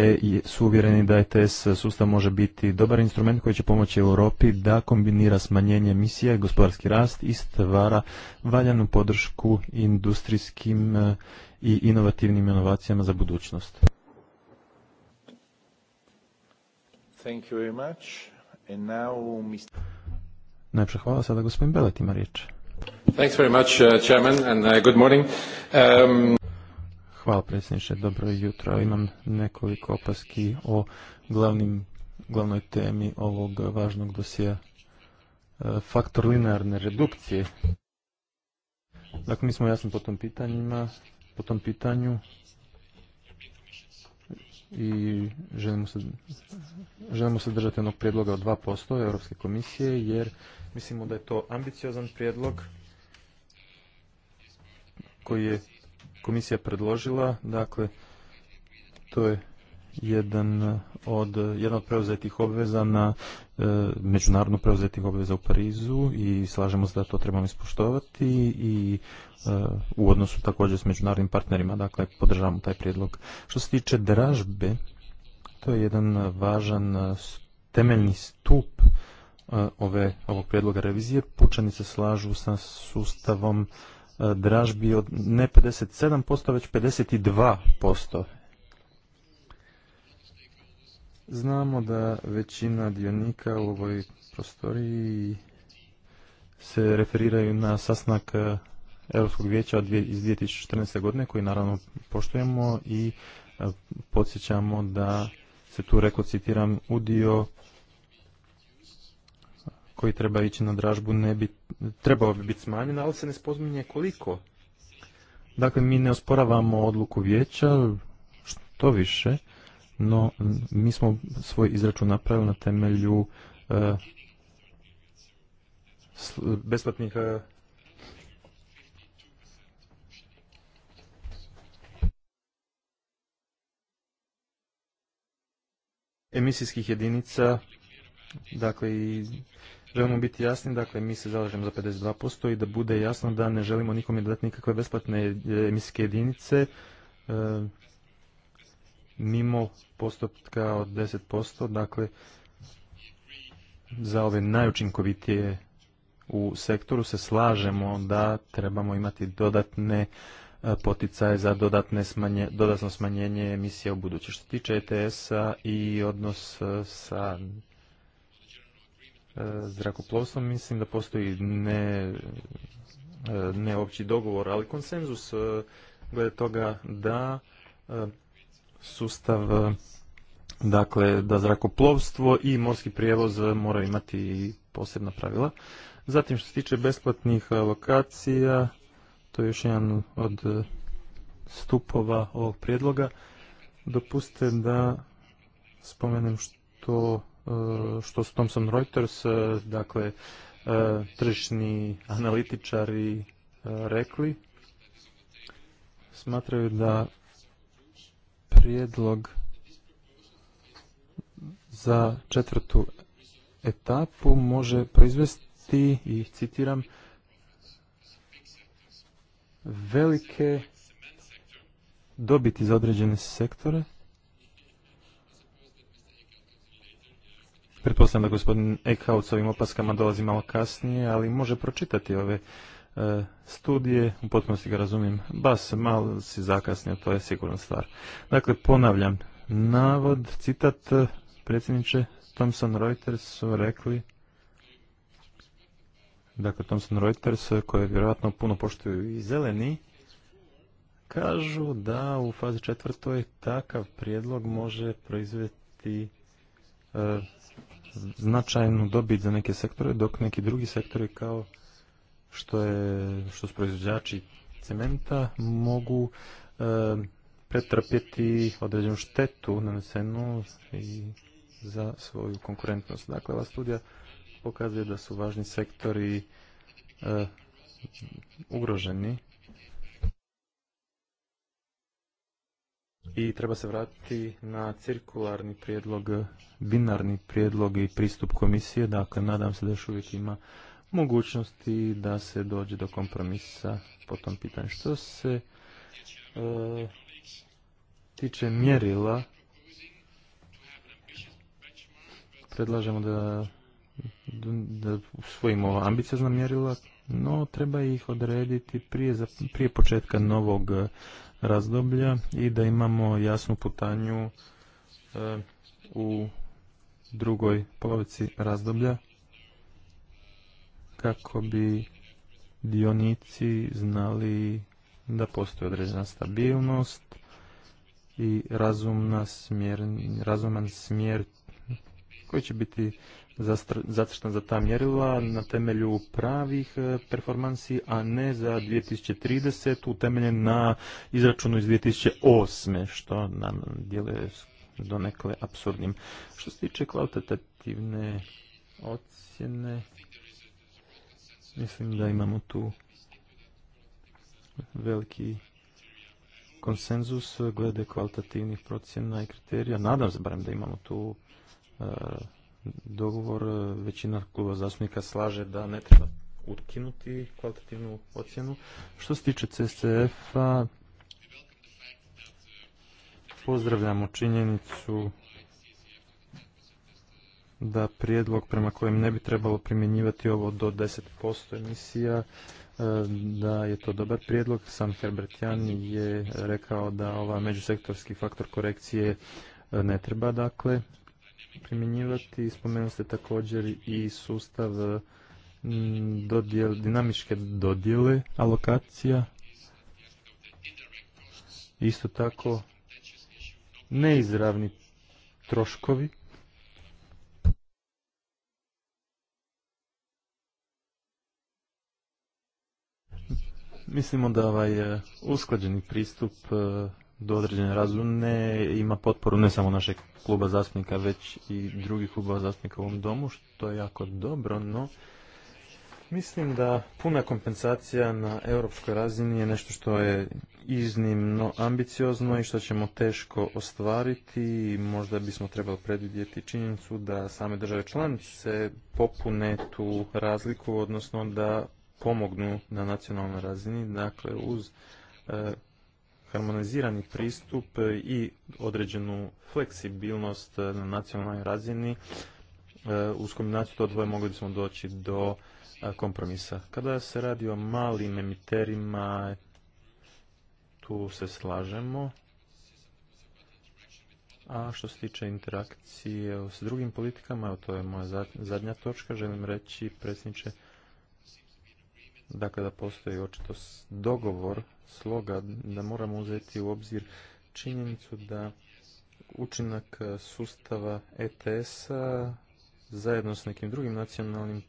su uvjereni da ETS sustav može biti dobar instrument koji će pomoći Europi da kombinira smanjenje emisija i gospodarski rast i stvara valjanu podršku industrijskim e, i inovativnim inovacijama za budućnost. Thank you very hvala. Sada gospodin Belet ima Thanks very much, uh, chairman, and uh, good morning. Um, Hvala predsjedniče, dobro jutro. Imam nekoliko opaski o glavnim, glavnoj temi ovog važnog dosija uh, faktor linearne redukcije. Dakle, mi smo jasni po tom pitanjima, po tom pitanju i želimo se, želimo se držati onog prijedloga od 2% Europske komisije, jer Mislimo da je to ambiciozan prijedlog koji je komisija predložila. Dakle, to je jedan od, jedan od preuzetih obveza na e, međunarodno preuzetih obveza u Parizu i slažemo se da to trebamo ispoštovati i e, u odnosu također s međunarodnim partnerima, dakle podržavamo taj prijedlog. Što se tiče dražbe, to je jedan važan e, temeljni stup ove, ovog prijedloga revizije. Pučani se slažu sa sustavom e, dražbi od ne 57%, već 52%. Znamo da većina dionika u ovoj prostoriji se referiraju na sasnak e, Europskog vijeća iz 2014. godine koji naravno poštujemo i e, podsjećamo da se tu rekao citiram udio koji treba ići na dražbu ne bi, trebao bi biti smanjen, ali se ne spominje koliko. Dakle, mi ne osporavamo odluku vijeća, što više, no mi smo svoj izračun napravili na temelju e, besplatnih e, emisijskih jedinica, dakle i želimo biti jasni, dakle mi se zalažemo za 52% i da bude jasno da ne želimo nikome dati nikakve besplatne e, emisijske jedinice e, mimo postotka od 10%, dakle za ove najučinkovitije u sektoru se slažemo da trebamo imati dodatne e, poticaje za dodatne dodatno smanjenje emisija u buduće. Što se tiče ETS-a i odnos sa zrakoplovstvom, mislim da postoji ne, e, ne opći dogovor, ali konsenzus e, glede toga da e, sustav dakle da zrakoplovstvo i morski prijevoz moraju imati posebna pravila. Zatim što se tiče besplatnih lokacija, to je još jedan od stupova ovog prijedloga. Dopustite da spomenem što E, što su Thomson Reuters, e, dakle, e, tržišni analitičari rekli, smatraju da prijedlog za četvrtu etapu može proizvesti, i citiram, velike dobiti za određene sektore, Pretpostavljam da gospodin Eckhout s ovim opaskama dolazi malo kasnije, ali može pročitati ove e, studije, u potpunosti ga razumijem. Bas, malo si zakasnio, to je sigurna stvar. Dakle, ponavljam, navod, citat e, predsjedniče Thomson Reuters su rekli dakle Thomson Reuters e, koje vjerojatno puno poštuju i zeleni kažu da u fazi četvrtoj takav prijedlog može proizvesti značajnu dobit za neke sektore, dok neki drugi sektori kao što, je, što su proizvođači cementa mogu e, pretrpjeti određenu štetu nanesenu i za svoju konkurentnost. Dakle, ova studija pokazuje da su važni sektori e, ugroženi i treba se vratiti na cirkularni prijedlog, binarni prijedlog i pristup komisije. Dakle, nadam se da još uvijek ima mogućnosti da se dođe do kompromisa po tom pitanju. Što se e, tiče mjerila, predlažemo da, da usvojimo ambiciozna mjerila, no treba ih odrediti prije, prije početka novog razdoblja i da imamo jasnu putanju e, u drugoj polovici razdoblja kako bi dionici znali da postoji određena stabilnost i razumna smjer, razuman smjer koji će biti zacrštan za ta mjerila na temelju pravih e, performansi, a ne za 2030 utemeljen na izračunu iz 2008. što nam djeluje donekle absurdnim. Što se tiče kvalitativne ocjene, mislim da imamo tu veliki konsenzus glede kvalitativnih procjena i kriterija. Nadam se barem da imamo tu E, dogovor e, većina kluba zastupnika slaže da ne treba utkinuti kvalitativnu ocjenu. Što se tiče CCF-a, pozdravljamo činjenicu da prijedlog prema kojem ne bi trebalo primjenjivati ovo do 10% emisija, e, da je to dobar prijedlog. Sam Herbert Jan je rekao da ova međusektorski faktor korekcije ne treba, dakle, primjenjivati. Spomenuli ste također i sustav e, dinamičke dodjele alokacija. Isto tako neizravni troškovi. Mislimo da ovaj e, usklađeni pristup e, do određene razumne ima potporu ne samo našeg kluba zastupnika, već i drugih klubova zastupnika u ovom domu, što je jako dobro, no mislim da puna kompensacija na europskoj razini je nešto što je iznimno ambiciozno i što ćemo teško ostvariti. Možda bismo trebali predvidjeti činjenicu da same države članice popune tu razliku, odnosno da pomognu na nacionalnoj razini, dakle uz e, harmonizirani pristup e, i određenu fleksibilnost e, na nacionalnoj razini, e, uz kombinaciju to dvoje mogli bismo doći do kompromisa. Kada se radi o malim emiterima, tu se slažemo. A što se tiče interakcije s drugim politikama, evo to je moja zadnja točka, želim reći predsjedniče, dakle da postoji očito dogovor sloga da moramo uzeti u obzir činjenicu da učinak e, sustava ETS-a zajedno s nekim drugim nacionalnim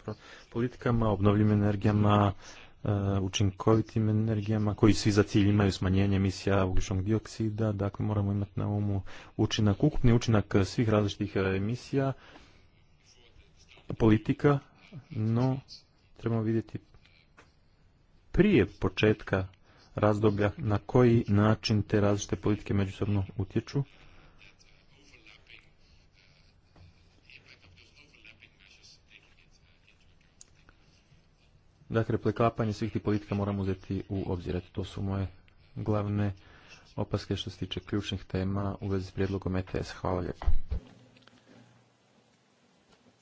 politikama, obnovljivim energijama, e, učinkovitim energijama koji svi za cilj imaju smanjenje emisija ugljičnog dioksida, dakle moramo imati na umu učinak, ukupni učinak e, svih različitih emisija, politika, no trebamo vidjeti prije početka razdoblja, na koji način te različite politike međusobno utječu. Dakle, preklapanje svih tih politika moramo uzeti u obzir. To su moje glavne opaske što se tiče ključnih tema u vezi s prijedlogom ETS. Hvala lijepo.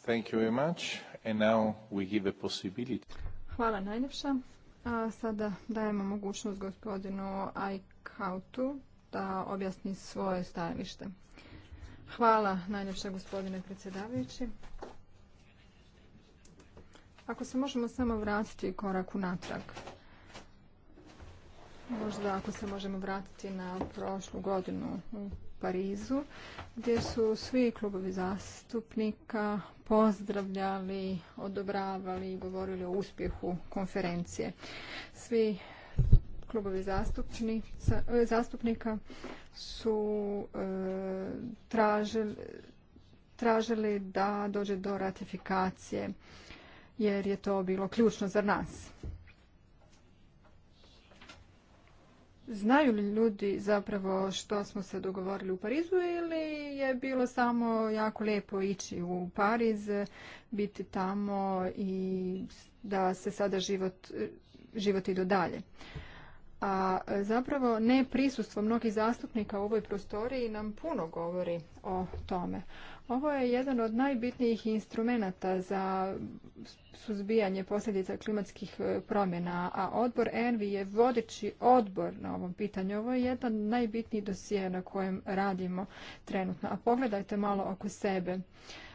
Thank you very much. And now we give a possibility. Hvala najljepša. A sada dajemo mogućnost gospodinu Aikautu da objasni svoje stajalište. Hvala najljepša gospodine predsjedavajući. Ako se možemo samo vratiti korak unatrag. Možda ako se možemo vratiti na prošlu godinu u Parizu gdje su svi klubovi zastupnika pozdravljali, odobravali i govorili o uspjehu konferencije. Svi klubovi e, zastupnika su e, tražili, tražili da dođe do ratifikacije jer je to bilo ključno za nas. Znaju li ljudi zapravo što smo se dogovorili u Parizu ili je bilo samo jako lijepo ići u Pariz, biti tamo i da se sada život, život dalje? a e, zapravo ne prisustvo mnogih zastupnika u ovoj prostoriji nam puno govori o tome. Ovo je jedan od najbitnijih instrumenata za suzbijanje posljedica klimatskih e, promjena, a odbor ENVI je vodeći odbor na ovom pitanju. Ovo je jedan najbitniji dosije na kojem radimo trenutno. A pogledajte malo oko sebe.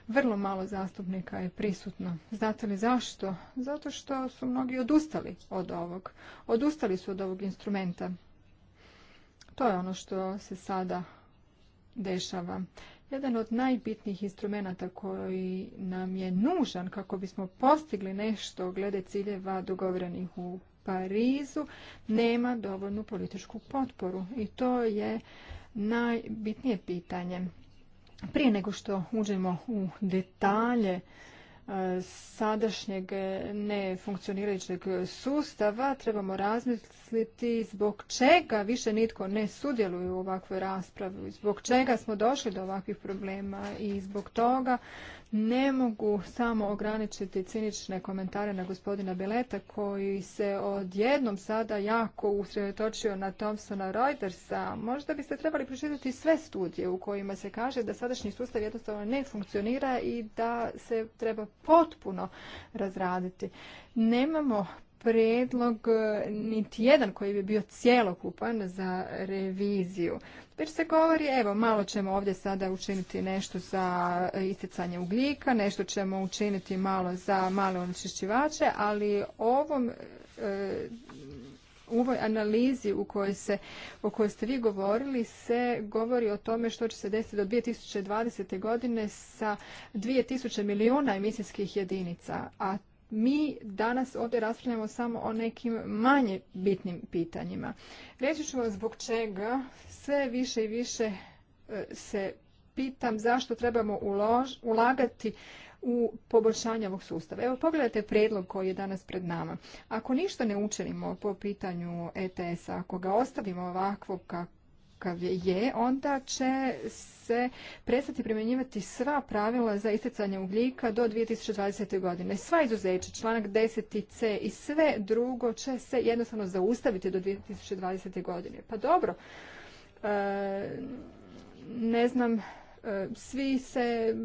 Vrlo malo zastupnika je prisutno. Znate li zašto? Zato što su mnogi odustali od ovog. Odustali su od ovog instrumenta. To je ono što se sada dešava. Jedan od najbitnijih instrumenta koji nam je nužan kako bismo postigli nešto glede ciljeva dogovorenih u Parizu nema dovoljnu političku potporu i to je najbitnije pitanje. Prije nego što uđemo u detalje e, sadašnjeg nefunkcionirajućeg sustava trebamo razmisliti zbog čega više nitko ne sudjeluje u ovakvoj raspravi, zbog čega smo došli do ovakvih problema i zbog toga ne mogu samo ograničiti cinične komentare na gospodina Beleta koji se odjednom sada jako usredotočio na Thompsona Reutersa. Možda biste trebali pročitati sve studije u kojima se kaže da sadašnji sustav jednostavno ne funkcionira i da se treba potpuno razraditi. Nemamo predlog e, niti jedan koji bi bio cjelokupan za reviziju. Već se govori, evo, malo ćemo ovdje sada učiniti nešto za isticanje ugljika, nešto ćemo učiniti malo za male onečišćivače, ali ovom e, u ovoj analizi u kojoj se, o kojoj ste vi govorili se govori o tome što će se desiti do 2020. godine sa 2000 milijuna emisijskih jedinica, a mi danas ovdje raspravljamo samo o nekim manje bitnim pitanjima. Reći ću vam zbog čega sve više i više e, se pitam zašto trebamo ulagati u poboljšanje ovog sustava. Evo pogledajte predlog koji je danas pred nama. Ako ništa ne učinimo po pitanju ETS-a, ako ga ostavimo ovakvog kako je, onda će se prestati primjenjivati sva pravila za isticanje ugljika do 2020. godine. Sva izuzeća, članak 10c i sve drugo će se jednostavno zaustaviti do 2020. godine. Pa dobro, e, ne znam e, svi se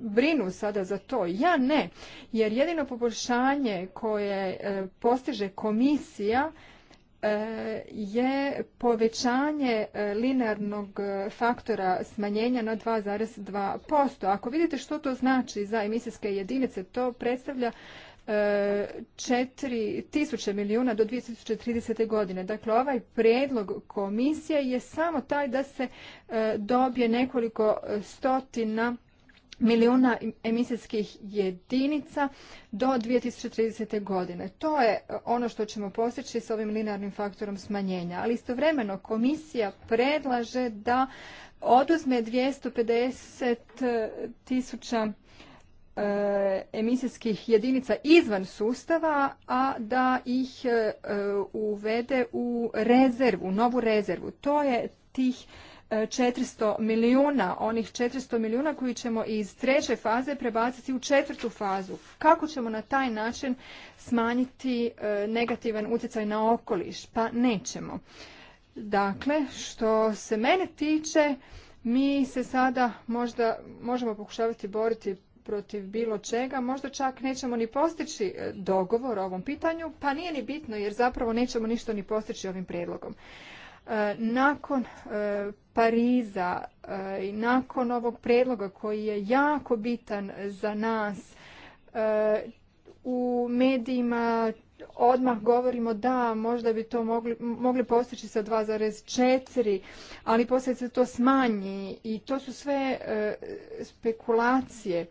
brinu sada za to. Ja ne, jer jedino poboljšanje koje e, postiže komisija E, je povećanje e, linearnog e, faktora smanjenja na 2,2%. Ako vidite što to znači za emisijske jedinice, to predstavlja 4000 milijuna do 2030. godine. Dakle, ovaj predlog komisije je samo taj da se dobije nekoliko stotina milijuna emisijskih jedinica do 2030. godine. To je e, ono što ćemo postići s ovim linearnim faktorom smanjenja. Ali istovremeno komisija predlaže da oduzme 250 tisuća e, emisijskih jedinica izvan sustava, a da ih e, uvede u rezervu, novu rezervu. To je tih 400 milijuna, onih 400 milijuna koji ćemo iz treće faze prebaciti u četvrtu fazu. Kako ćemo na taj način smanjiti e, negativan utjecaj na okoliš? Pa nećemo. Dakle, što se mene tiče, mi se sada možda možemo pokušavati boriti protiv bilo čega, možda čak nećemo ni postići e, dogovor o ovom pitanju, pa nije ni bitno jer zapravo nećemo ništa ni postići ovim prijedlogom. E, nakon e, Pariza e, i nakon ovog predloga koji je jako bitan za nas u medijima odmah govorimo da možda bi to mogli, postići sa 2,4, ali poslije se to smanji i to su sve spekulacije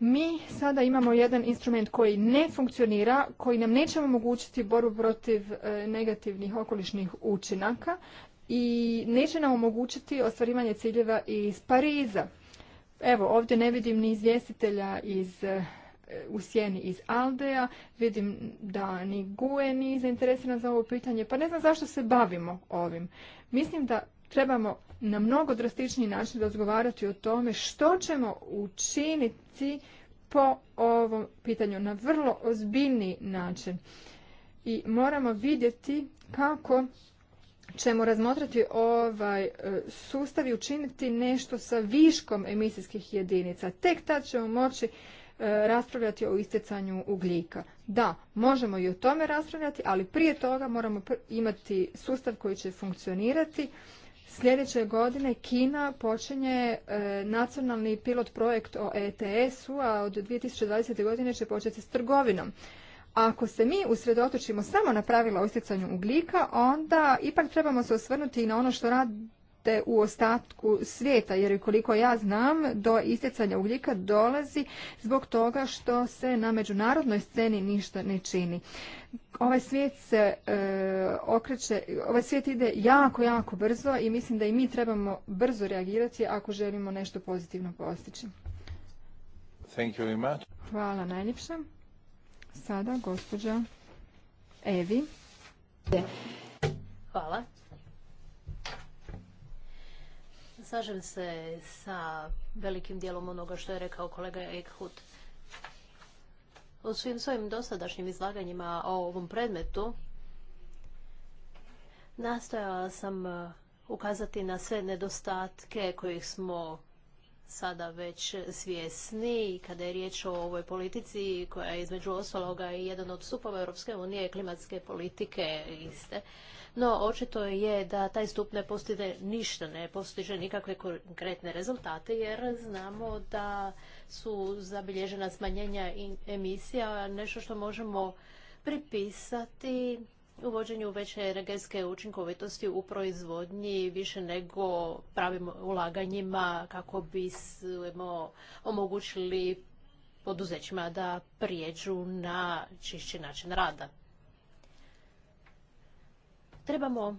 mi sada imamo jedan instrument koji ne funkcionira, koji nam neće omogućiti borbu protiv e, negativnih okolišnih učinaka i neće nam omogućiti ostvarivanje ciljeva iz Pariza. Evo, ovdje ne vidim ni izvjestitelja iz e, u sjeni iz Aldeja, vidim da ni Gue nije zainteresiran za ovo pitanje, pa ne znam zašto se bavimo ovim. Mislim da trebamo na mnogo drastičniji način razgovarati o tome što ćemo učiniti po ovom pitanju na vrlo ozbiljni način. I moramo vidjeti kako ćemo razmotrati ovaj e, sustav i učiniti nešto sa viškom emisijskih jedinica. Tek tad ćemo moći e, raspravljati o istjecanju ugljika. Da, možemo i o tome raspravljati, ali prije toga moramo imati sustav koji će funkcionirati Sljedeće godine Kina počinje e, nacionalni pilot projekt o ETS-u, a od 2020. godine će početi s trgovinom. Ako se mi usredotočimo samo na pravila o isticanju ugljika, onda ipak trebamo se osvrnuti i na ono što radi te u ostatku svijeta, jer koliko ja znam, do istjecanja ugljika dolazi zbog toga što se na međunarodnoj sceni ništa ne čini. Ovaj svijet se e, okreće, ovaj svijet ide jako, jako brzo i mislim da i mi trebamo brzo reagirati ako želimo nešto pozitivno postići. Thank you very much. Hvala najljepša. Sada gospođa Evi. Hvala. Slažem se sa velikim dijelom onoga što je rekao kolega Eichhut. U svim svojim dosadašnjim izlaganjima o ovom predmetu nastojala sam e, ukazati na sve nedostatke kojih smo sada već svjesni kada je riječ o ovoj politici koja je između ostaloga i jedan od stupova Europske unije klimatske politike iste no očito je da taj stup ne postiže ništa, ne postiže nikakve konkretne rezultate jer znamo da su zabilježena smanjenja emisija nešto što možemo pripisati uvođenju veće energetske učinkovitosti u proizvodnji više nego pravim ulaganjima kako bismo omogućili poduzećima da prijeđu na čišći način rada. Trebamo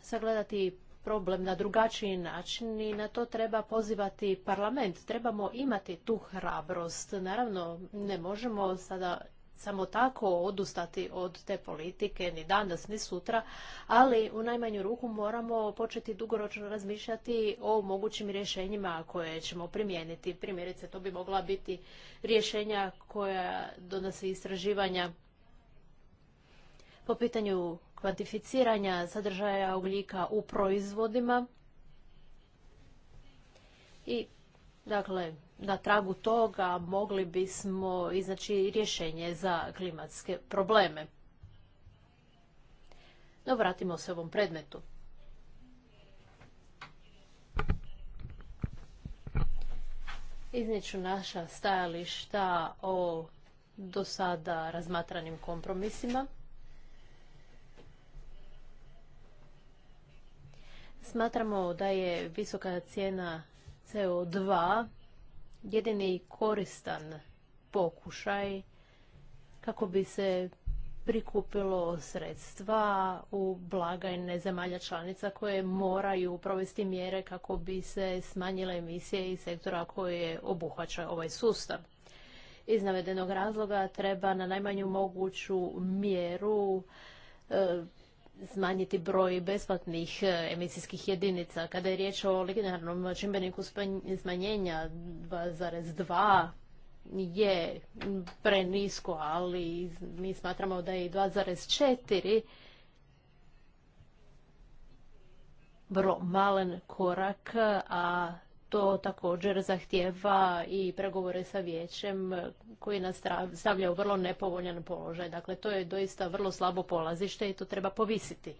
sagledati problem na drugačiji način i na to treba pozivati parlament. Trebamo imati tu hrabrost. Naravno, ne možemo sada samo tako odustati od te politike ni danas ni sutra, ali u najmanju ruku moramo početi dugoročno razmišljati o mogućim rješenjima koje ćemo primijeniti. Primjerice, to bi mogla biti rješenja koja donose istraživanja po pitanju kvantificiranja sadržaja ugljika u proizvodima. I dakle, na tragu toga mogli bismo iznaći rješenje za klimatske probleme. No vratimo se ovom predmetu. Iznijet naša stajališta o do sada razmatranim kompromisima. Smatramo da je visoka cijena CO2 jedini koristan pokušaj kako bi se prikupilo sredstva u blagajne zemalja članica koje moraju provesti mjere kako bi se smanjile emisije iz sektora koje obuhvaća ovaj sustav. Iz navedenog razloga treba na najmanju moguću mjeru e, smanjiti broj besplatnih e, emisijskih jedinica. Kada je riječ o legendarnom čimbeniku smanjenja 2,2 je prenisko, ali mi smatramo da je i 2,4 vrlo malen korak, a to također zahtjeva i pregovore sa vijećem koji nas stavlja u vrlo nepovoljan položaj. Dakle, to je doista vrlo slabo polazište i to treba povisiti.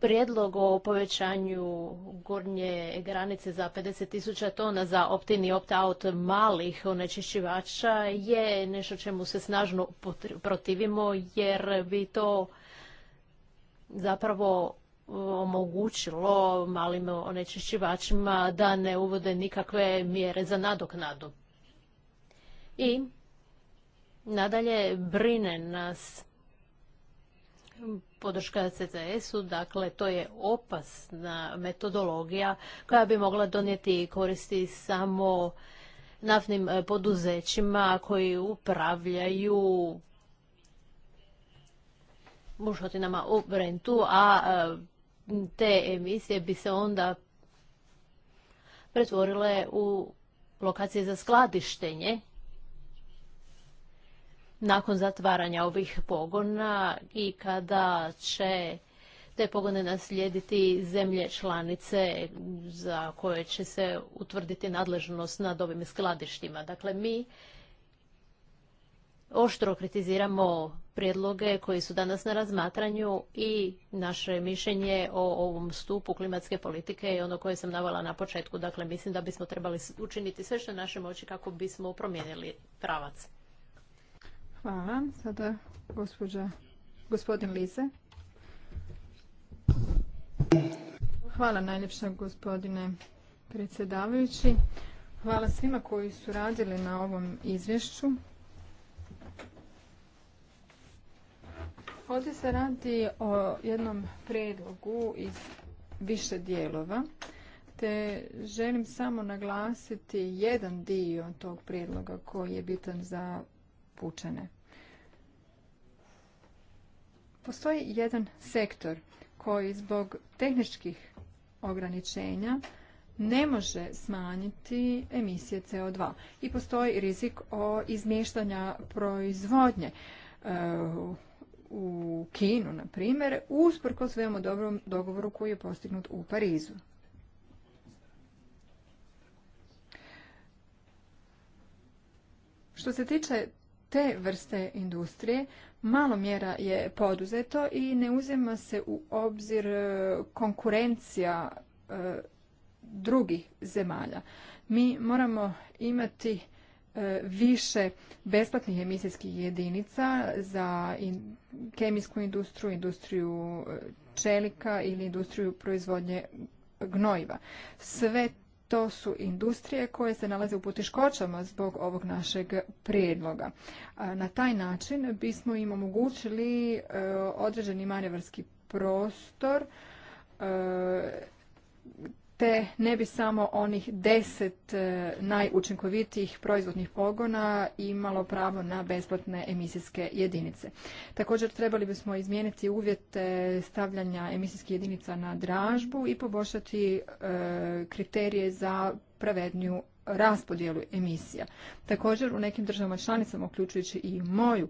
Prijedlog o povećanju gornje granice za 50 tona za opt-in i opt-out malih onečišćivača je nešto čemu se snažno protivimo jer bi to zapravo omogućilo malim onečišćivačima da ne uvode nikakve mjere za nadoknadu. I nadalje brine nas podrška CCS-u, dakle to je opasna metodologija koja bi mogla donijeti koristi samo naftnim e, poduzećima koji upravljaju bušotinama u Brentu, a e, te emisije bi se onda pretvorile u lokacije za skladištenje nakon zatvaranja ovih pogona i kada će te pogone naslijediti zemlje članice za koje će se utvrditi nadležnost nad ovim skladištima. Dakle, mi oštro kritiziramo prijedloge koji su danas na razmatranju i naše mišljenje o ovom stupu klimatske politike i ono koje sam navala na početku. Dakle, mislim da bismo trebali učiniti sve što naše moći kako bismo promijenili pravac. Hvala. Sada gospođa, gospodin Lise. Hvala najljepša gospodine predsjedavajući. Hvala svima koji su radili na ovom izvješću. Ovdje se radi o jednom predlogu iz više dijelova, te želim samo naglasiti jedan dio tog predloga koji je bitan za pučane. Postoji jedan sektor koji zbog tehničkih ograničenja ne može smanjiti emisije CO2 i postoji rizik o izmještanja proizvodnje e, u Kinu, na primjer, usprkos svemu dobrom dogovoru koji je postignut u Parizu. Što se tiče te vrste industrije, malo mjera je poduzeto i ne uzima se u obzir e, konkurencija e, drugih zemalja. Mi moramo imati E, više besplatnih emisijskih jedinica za kemijsku industriju, industriju e, čelika ili industriju proizvodnje gnojiva. Sve to su industrije koje se nalaze u putiškoćama zbog ovog našeg prijedloga. Na taj način bismo im omogućili e, određeni manevarski prostor te ne bi samo onih deset e, najučinkovitijih proizvodnih pogona imalo pravo na besplatne emisijske jedinice. Također trebali bismo izmijeniti uvjete stavljanja emisijskih jedinica na dražbu i poboljšati e, kriterije za pravedniju raspodjelu emisija. Također u nekim državama članicama, uključujući i moju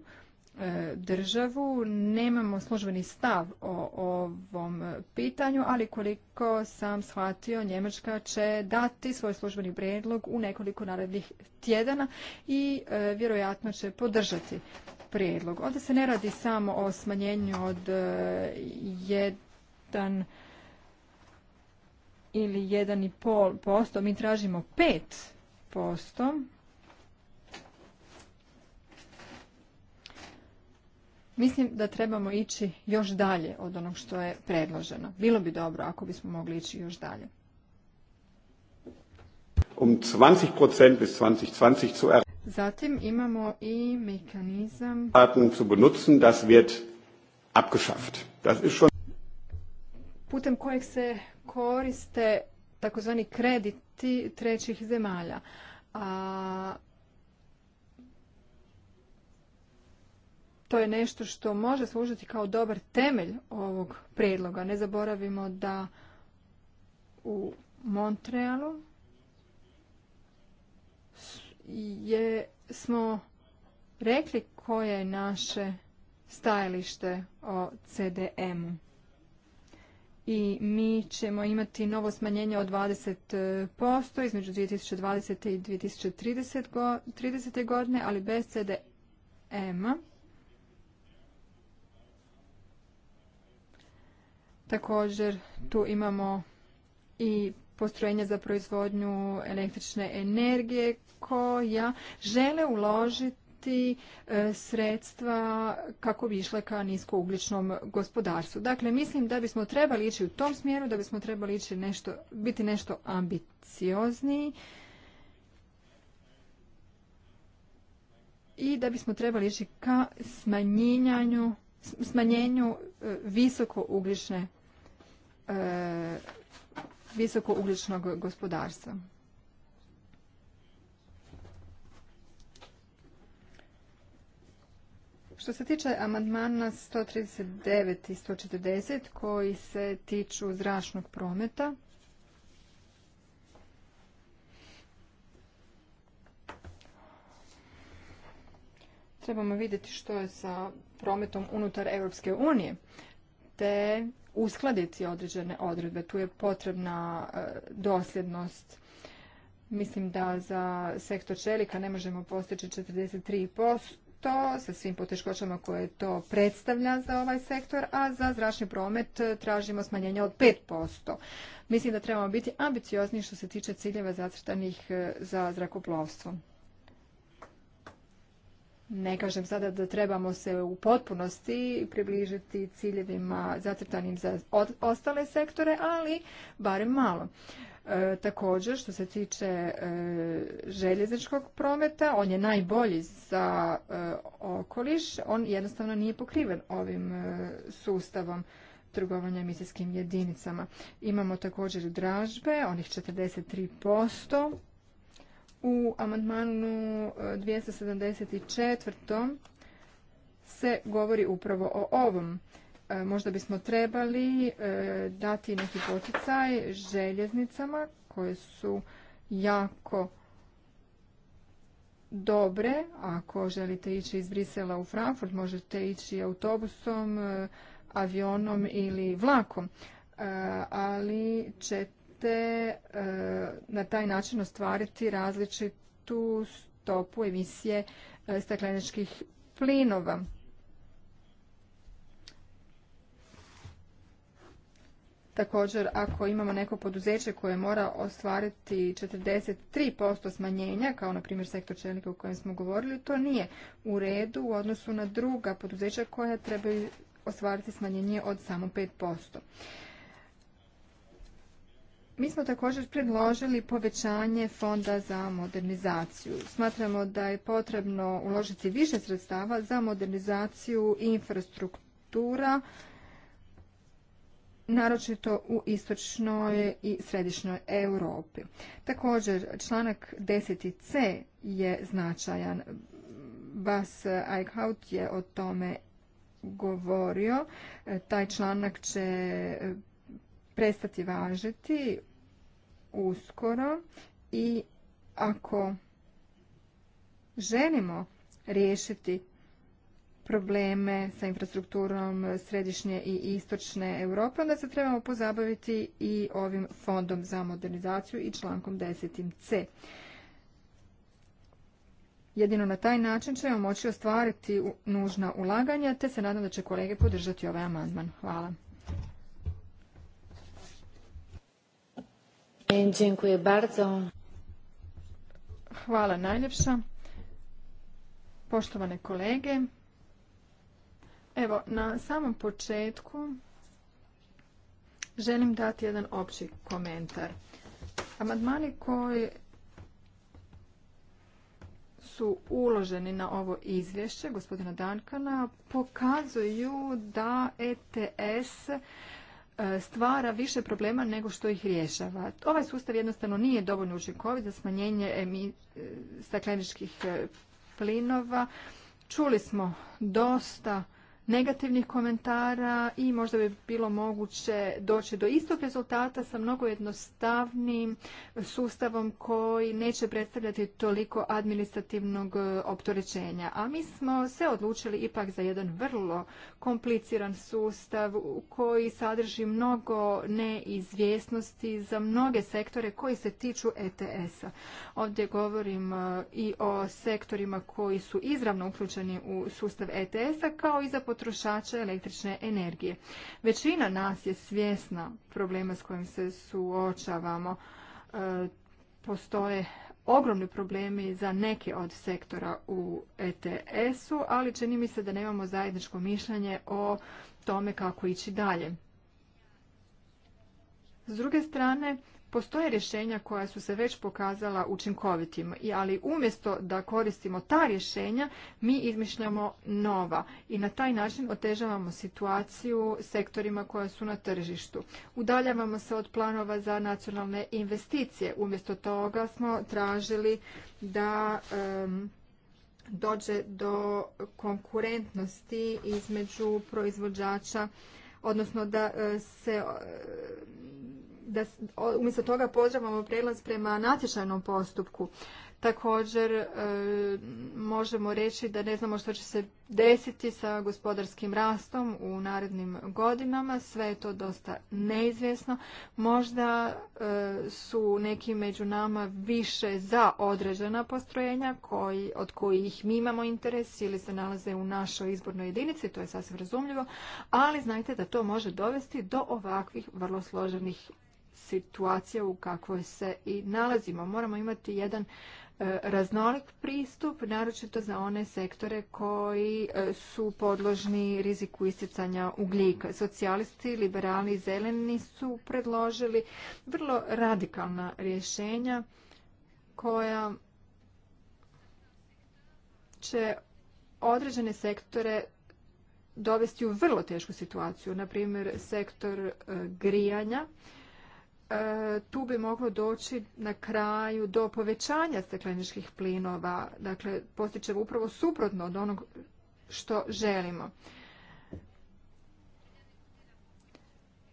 E, državu. Nemamo službeni stav o ovom pitanju, ali koliko sam shvatio, Njemačka će dati svoj službeni prijedlog u nekoliko narednih tjedana i e, vjerojatno će podržati prijedlog. Ovdje se ne radi samo o smanjenju od e, jedan ili posto. mi tražimo pet posto Mislim da trebamo ići još dalje od onog što je predloženo. Bilo bi dobro ako bismo mogli ići još dalje. Um 20% bis 2020 zu Zatim imamo i mekanizam zu benutzen, das wird abgeschafft. Das ist schon putem kojeg se koriste takozvani krediti trećih zemalja. A to je nešto što može služiti kao dobar temelj ovog predloga. Ne zaboravimo da u Montrealu je, smo rekli koje je naše stajalište o CDM-u. I mi ćemo imati novo smanjenje od 20% između 2020. i 2030. godine, ali bez CDM-a Također tu imamo i postrojenja za proizvodnju električne energije koja žele uložiti e, sredstva kako bi išle ka niskougličnom gospodarstvu. Dakle, mislim da bismo trebali ići u tom smjeru, da bismo trebali ići nešto, biti nešto ambiciozniji i da bismo trebali ići ka smanjenjanju smanjenju visokouglične visokougličnog e, gospodarstva. Što se tiče amandmana 139 i 140 koji se tiču zračnog prometa, trebamo vidjeti što je sa prometom unutar Europske unije, te uskladiti određene odredbe. Tu je potrebna e, dosljednost. Mislim da za sektor čelika ne možemo postići 43% sa svim poteškoćama koje to predstavlja za ovaj sektor, a za zračni promet e, tražimo smanjenje od 5%. Mislim da trebamo biti ambiciozni što se tiče ciljeva zacrtanih e, za zrakoplovstvo. Ne kažem sada da trebamo se u potpunosti približiti ciljevima zacrtanim za ostale sektore, ali barem malo. E, također, što se tiče e, željezničkog prometa, on je najbolji za e, okoliš, on jednostavno nije pokriven ovim e, sustavom trgovanja emisijskim jedinicama. Imamo također dražbe, onih 43%, u amandmanu 274. E, se govori upravo o ovom. E, možda bismo trebali e, dati neki poticaj željeznicama koje su jako dobre. Ako želite ići iz Brisela u Frankfurt, možete ići autobusom, avionom ili vlakom. Ali ćete te eh, na taj način ostvariti različitu stopu emisije eh, stakleničkih plinova. Također, ako imamo neko poduzeće koje mora ostvariti 43% smanjenja, kao na primjer sektor čelnika o kojem smo govorili, to nije u redu u odnosu na druga poduzeća koja trebaju ostvariti smanjenje od samo 5%. Mi smo također predložili povećanje fonda za modernizaciju. Smatramo da je potrebno uložiti više sredstava za modernizaciju infrastruktura, naročito u istočnoj i središnjoj Europi. Također, članak 10c je značajan. Bas Eichhout je o tome govorio. E, taj članak će prestati važiti uskoro i ako želimo riješiti probleme sa infrastrukturom središnje i istočne Europe, onda se trebamo pozabaviti i ovim fondom za modernizaciju i člankom 10c. Jedino na taj način ćemo moći ostvariti nužna ulaganja, te se nadam da će kolege podržati ovaj amandman. Hvala. E, Hvala najljepša. Poštovane kolege, evo na samom početku želim dati jedan opći komentar. Amandmani koji su uloženi na ovo izvješće gospodina Dankana pokazuju da ETS E, stvara više problema nego što ih rješava. Ovaj sustav jednostavno nije dovoljno učinkovit za smanjenje e, stakleničkih e, plinova. Čuli smo dosta negativnih komentara i možda bi bilo moguće doći do istog rezultata sa mnogo jednostavnim sustavom koji neće predstavljati toliko administrativnog e, opterećenja. A mi smo se odlučili ipak za jedan vrlo kompliciran sustav koji sadrži mnogo neizvjesnosti za mnoge sektore koji se tiču ETS-a. Ovdje govorim e, i o sektorima koji su izravno uključeni u sustav ETS-a kao i za potrošača električne energije. Većina nas je svjesna problema s kojim se suočavamo. E, postoje ogromni problemi za neke od sektora u ETS-u, ali čini mi se da nemamo zajedničko mišljanje o tome kako ići dalje. S druge strane, Postoje rješenja koja su se već pokazala učinkovitim, ali umjesto da koristimo ta rješenja, mi izmišljamo nova i na taj način otežavamo situaciju sektorima koja su na tržištu. Udaljavamo se od planova za nacionalne investicije. Umjesto toga smo tražili da... dođe do konkurentnosti između proizvođača, odnosno da e, se da umjesto toga pozdravamo prijelaz prema natječajnom postupku. Također e, možemo reći da ne znamo što će se desiti sa gospodarskim rastom u narednim godinama. Sve je to dosta neizvjesno. Možda e, su neki među nama više za određena postrojenja koji, od kojih mi imamo interes ili se nalaze u našoj izbornoj jedinici, to je sasvim razumljivo, ali znajte da to može dovesti do ovakvih vrlo složenih situacija u kakvoj se i nalazimo. Moramo imati jedan e, raznolik pristup, naročito za one sektore koji e, su podložni riziku isticanja ugljika. Socijalisti, liberali i zeleni su predložili vrlo radikalna rješenja koja će određene sektore dovesti u vrlo tešku situaciju, na primjer sektor e, grijanja E, tu bi moglo doći na kraju do povećanja stakleničkih plinova. Dakle, postićemo upravo suprotno od onog što želimo.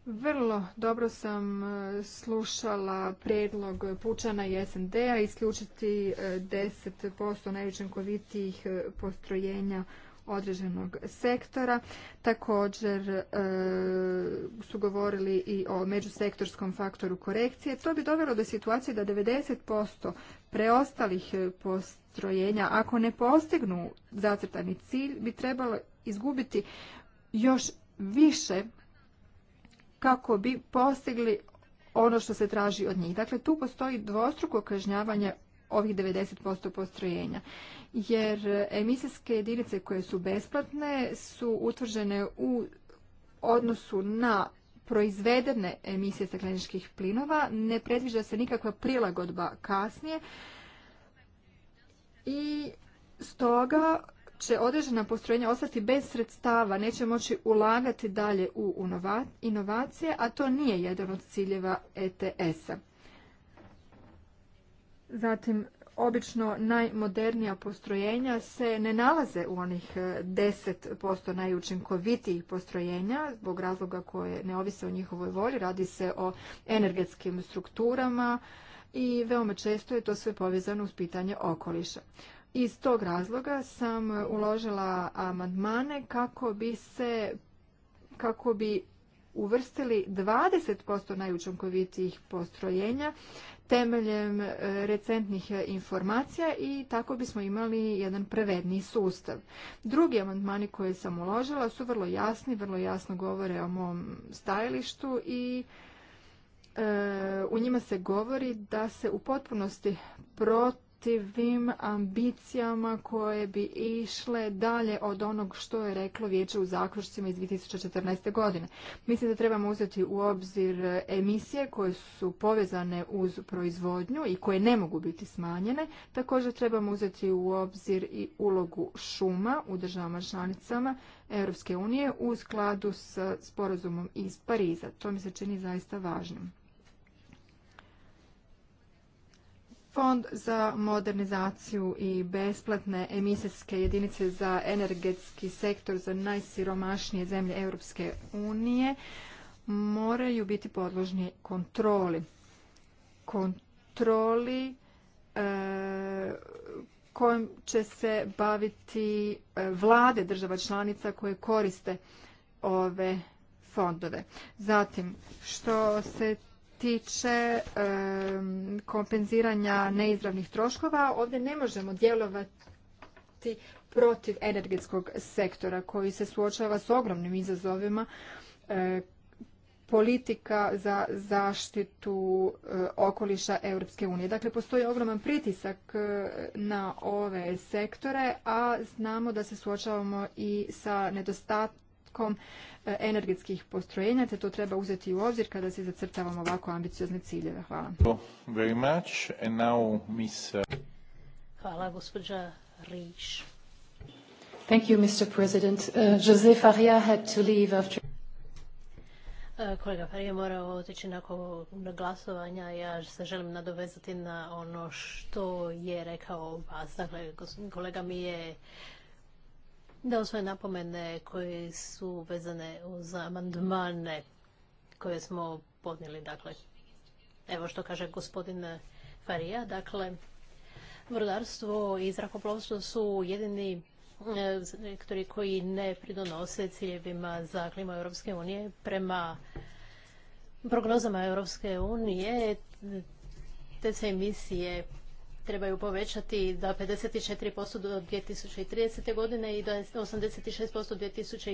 Vrlo dobro sam e, slušala predlog Pučana i SND-a isključiti 10% e, najučinkovitijih postrojenja određenog sektora. Također e, su govorili i o međusektorskom faktoru korekcije. To bi dovelo do situacije da 90% preostalih e, postrojenja, ako ne postignu zacrtani cilj, bi trebalo izgubiti još više kako bi postigli ono što se traži od njih. Dakle, tu postoji dvostruko kažnjavanje ovih 90% postrojenja jer emisijske jedinice koje su besplatne su utvrđene u odnosu na proizvedene emisije stakleničkih plinova, ne predviđa se nikakva prilagodba kasnije i stoga će određena postrojenja ostati bez sredstava, neće moći ulagati dalje u inovacije, a to nije jedan od ciljeva ETS-a. Zatim, obično najmodernija postrojenja se ne nalaze u onih 10% e, najučinkovitijih postrojenja zbog razloga koje ne ovise o njihovoj volji. Radi se o energetskim strukturama i veoma često je to sve povezano uz pitanje okoliša. Iz tog razloga sam uložila amandmane kako bi se kako bi uvrstili 20% najučinkovitijih postrojenja temeljem e, recentnih e, informacija i tako bismo imali jedan prevedni sustav. Drugi amandmani koje sam uložila su vrlo jasni, vrlo jasno govore o mom stajalištu i e, u njima se govori da se u potpunosti protiv tim ambicijama koje bi išle dalje od onog što je reklo vijeće u zaključcima iz 2014. godine. Mislim da trebamo uzeti u obzir emisije koje su povezane uz proizvodnju i koje ne mogu biti smanjene. Također trebamo uzeti u obzir i ulogu šuma u državama članicama Europske unije u skladu s sporazumom iz Pariza. To mi se čini zaista važnim. Fond za modernizaciju i besplatne emisijske jedinice za energetski sektor za najsiromašnije zemlje Europske unije moraju biti podložni kontroli. Kontroli e, kojim će se baviti e, vlade država članica koje koriste ove fondove. Zatim, što se tiče kompenziranja neizravnih troškova, ovdje ne možemo djelovati protiv energetskog sektora koji se suočava s ogromnim izazovima e, politika za zaštitu e, okoliša Europske unije. Dakle, postoji ogroman pritisak e, na ove sektore, a znamo da se suočavamo i sa nedostatkom gubitkom e, energetskih postrojenja, te to treba uzeti u obzir kada se zacrtavamo ovako ambiciozne ciljeve. Hvala. Uh, Hvala, gospođa Riš. Thank you, Mr. President. Uh, had to leave after... E, kolega Farija, mora otići nakon glasovanja. Ja se želim nadovezati na ono što je rekao vas. Dakle, kolega mi je dao svoje napomene koje su vezane uz amandmane koje smo podnijeli. Dakle, evo što kaže gospodin Farija, dakle, brodarstvo i zrakoplovstvo su jedini e, sektori koji ne pridonose ciljevima za klima Europske unije. Prema prognozama Europske unije te se emisije trebaju povećati da 54% do 2030. godine i da 86%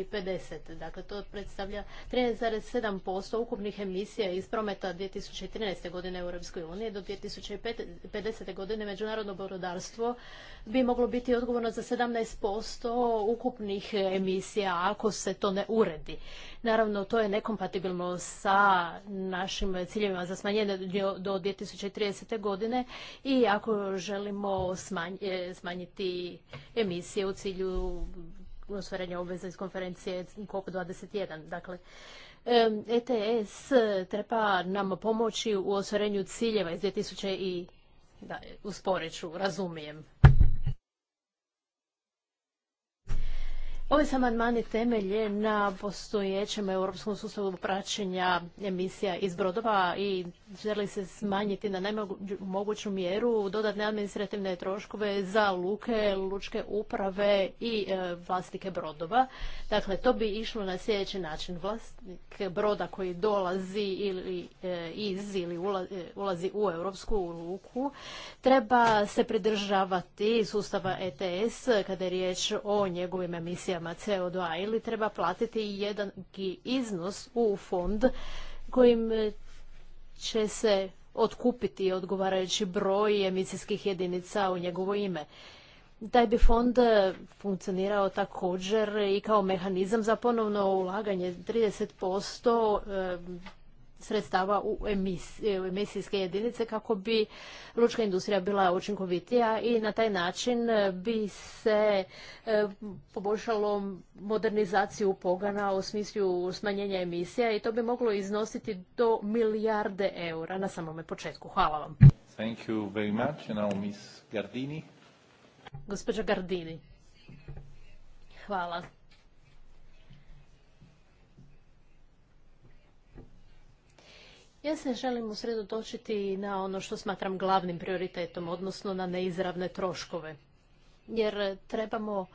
2050. Dakle, to predstavlja 13,7% ukupnih emisija iz prometa 2013. godine u Europskoj uniji do 2050. godine međunarodno brodarstvo bi moglo biti odgovorno za 17% ukupnih emisija ako se to ne uredi. Naravno, to je nekompatibilno sa našim ciljevima za smanjenje do 2030. godine i ako želimo e, smanjiti emisije u cilju ostvarenja obveza iz konferencije COP21. Dakle, ETS e treba nam pomoći u ostvarenju ciljeva iz 2000 i da, usporeću, razumijem. Ovi se amandmani temelje na postojećem europskom sustavu praćenja emisija iz brodova i želi se smanjiti na najmoguću mjeru dodatne administrativne troškove za luke, lučke uprave i e, vlastike brodova. Dakle, to bi išlo na sljedeći način. Vlastnik broda koji dolazi ili e, iz ili e, ulazi u europsku luku treba se pridržavati sustava ETS kada je riječ o njegovim emisijama emisijama CO2 ili treba platiti jedan iznos u fond kojim će se otkupiti odgovarajući broj emisijskih jedinica u njegovo ime. Taj bi fond funkcionirao također i kao mehanizam za ponovno ulaganje 30% sredstava e, u, emisijske jedinice kako bi lučka industrija bila učinkovitija i na taj način e, bi se e, poboljšalo modernizaciju pogana u smislu smanjenja emisija i to bi moglo iznositi do milijarde eura na samome početku. Hvala vam. Thank you very much. Now Miss Gardini. Gospođa Gardini. Hvala. Ja se želim usredotočiti na ono što smatram glavnim prioritetom, odnosno na neizravne troškove. Jer trebamo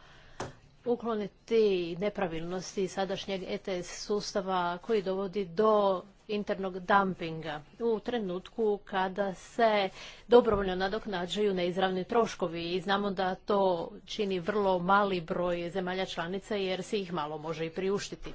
ukloniti nepravilnosti sadašnjeg ETS sustava koji dovodi do internog dumpinga u trenutku kada se dobrovoljno nadoknađuju neizravni troškovi i znamo da to čini vrlo mali broj zemalja članica jer se ih malo može i priuštiti.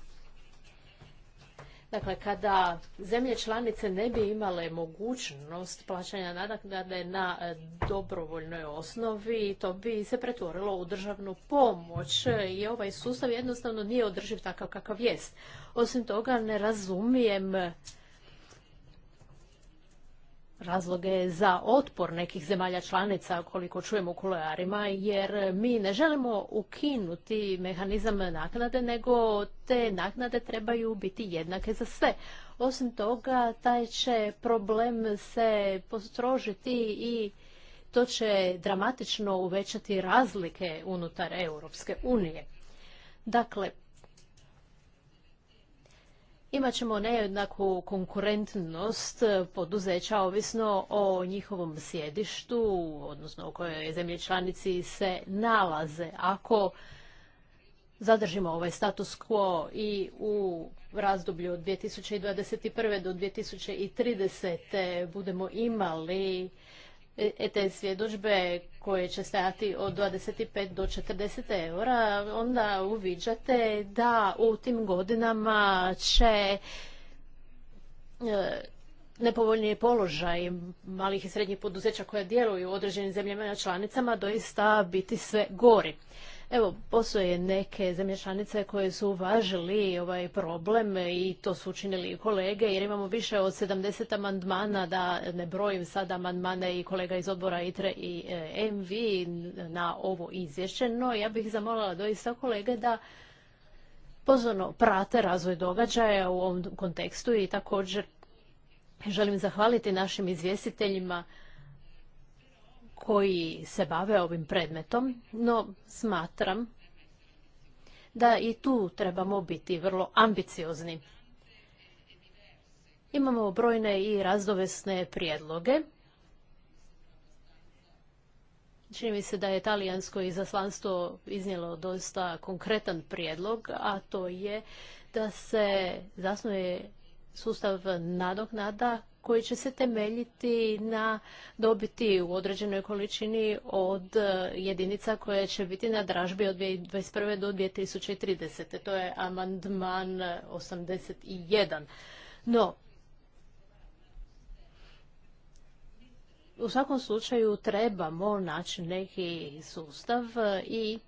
Dakle, kada zemlje članice ne bi imale mogućnost plaćanja nadaknade na e, dobrovoljnoj osnovi, to bi se pretvorilo u državnu pomoć i ovaj sustav jednostavno nije održiv takav kakav jest. Osim toga, ne razumijem razloge za otpor nekih zemalja članica koliko čujemo u kuloarima jer mi ne želimo ukinuti mehanizam naknade nego te naknade trebaju biti jednake za sve. Osim toga taj će problem se postrožiti i to će dramatično uvećati razlike unutar Europske unije. Dakle, imat ćemo nejednaku konkurentnost poduzeća ovisno o njihovom sjedištu, odnosno u kojoj zemlji članici se nalaze. Ako zadržimo ovaj status quo i u razdoblju od 2021. do 2030. budemo imali E, te svjedočbe koje će stajati od 25 do 40 eura, onda uviđate da u tim godinama će e, nepovoljni položaj malih i srednjih poduzeća koja djeluju u određenim zemljama članicama doista biti sve gori. Evo, postoje neke zemlje članice koje su uvažili ovaj problem i to su učinili i kolege, jer imamo više od 70 amandmana, da ne brojim sada amandmane i kolega iz odbora ITRE i e, MV na ovo izvješće, no ja bih zamolila doista kolege da pozorno prate razvoj događaja u ovom kontekstu i također želim zahvaliti našim izvjestiteljima koji se bave ovim predmetom, no smatram da i tu trebamo biti vrlo ambiciozni. Imamo brojne i razdovesne prijedloge. Čini mi se da je talijansko izaslanstvo iznijelo dosta konkretan prijedlog, a to je da se zasnuje sustav nadoknada koji će se temeljiti na dobiti u određenoj količini od e, jedinica koje će biti na dražbi od 2021. do 2030. To je amandman 81. No, u svakom slučaju trebamo naći neki sustav e, i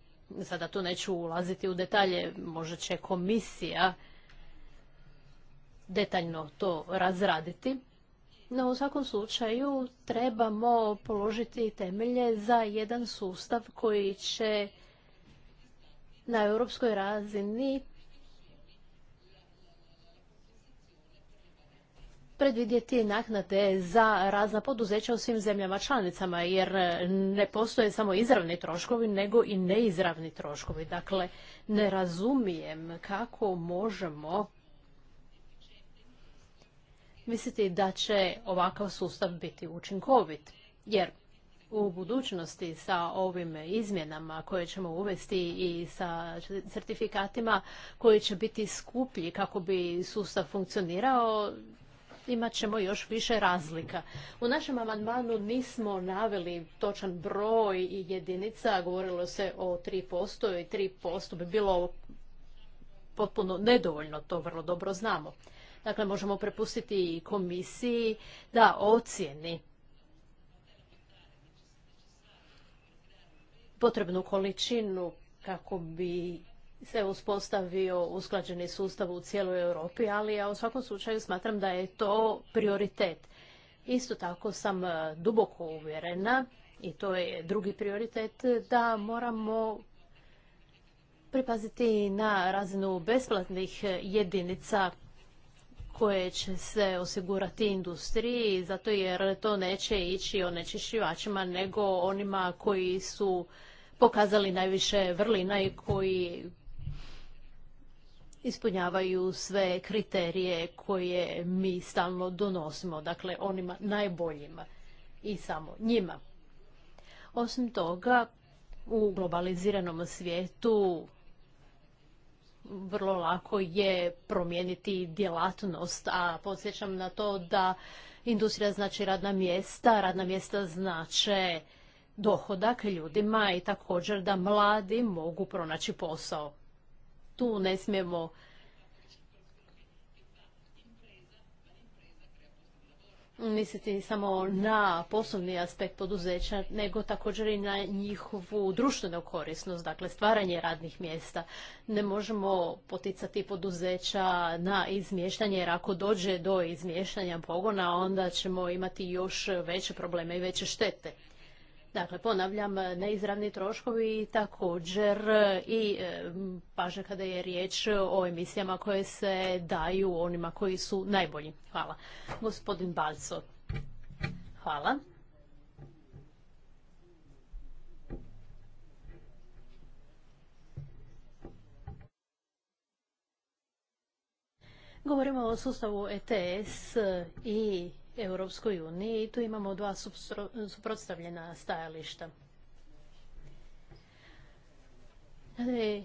sada tu neću ulaziti u detalje, možda će komisija detaljno to razraditi. No u svakom slučaju trebamo položiti temelje za jedan sustav koji će na europskoj razini predvidjeti naknade za razna poduzeća u svim zemljama članicama, jer ne postoje samo izravni troškovi, nego i neizravni troškovi. Dakle, ne razumijem kako možemo misliti da će ovakav sustav biti učinkovit. Jer u budućnosti sa ovim izmjenama koje ćemo uvesti i sa certifikatima koji će biti skuplji kako bi sustav funkcionirao, imat ćemo još više razlika. U našem amandmanu nismo naveli točan broj i jedinica, govorilo se o 3% i 3% bi bilo potpuno nedovoljno, to vrlo dobro znamo. Dakle, možemo prepustiti i komisiji da ocijeni potrebnu količinu kako bi se uspostavio usklađeni sustav u cijeloj Europi, ali ja u svakom slučaju smatram da je to prioritet. Isto tako sam e, duboko uvjerena, i to je drugi prioritet, da moramo pripaziti na razinu besplatnih jedinica koje će se osigurati industriji, zato jer to neće ići onečišćivačima nego onima koji su pokazali najviše vrlina i koji ispunjavaju sve kriterije koje mi stalno donosimo, dakle onima najboljima i samo njima. Osim toga, u globaliziranom svijetu vrlo lako je promijeniti djelatnost, a podsjećam na to da industrija znači radna mjesta, radna mjesta znače dohodak ljudima i također da mladi mogu pronaći posao. Tu ne smijemo misliti samo na poslovni aspekt poduzeća, nego također i na njihovu društvenu korisnost, dakle stvaranje radnih mjesta. Ne možemo poticati poduzeća na izmještanje, jer ako dođe do izmještanja pogona, onda ćemo imati još veće probleme i veće štete. Dakle, ponavljam, e, neizravni troškovi također e, i e, pažnja kada je riječ o emisijama koje se daju onima koji su najbolji. Hvala. Gospodin Balco. Hvala. Govorimo o sustavu ETS i Europskoj uniji i tu imamo dva suprotstavljena stajališta. E,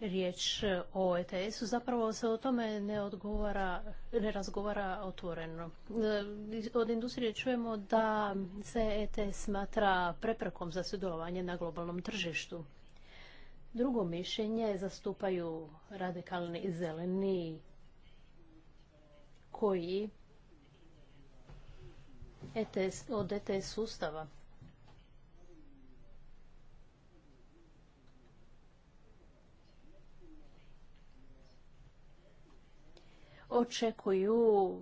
riječ o ETS-u, zapravo se o tome ne odgovara, ne razgovara otvoreno. E, od industrije čujemo da se ETS smatra preprekom za sudjelovanje na globalnom tržištu. Drugo mišljenje zastupaju radikalni zeleni koji ETS, od ETS sustava. Očekuju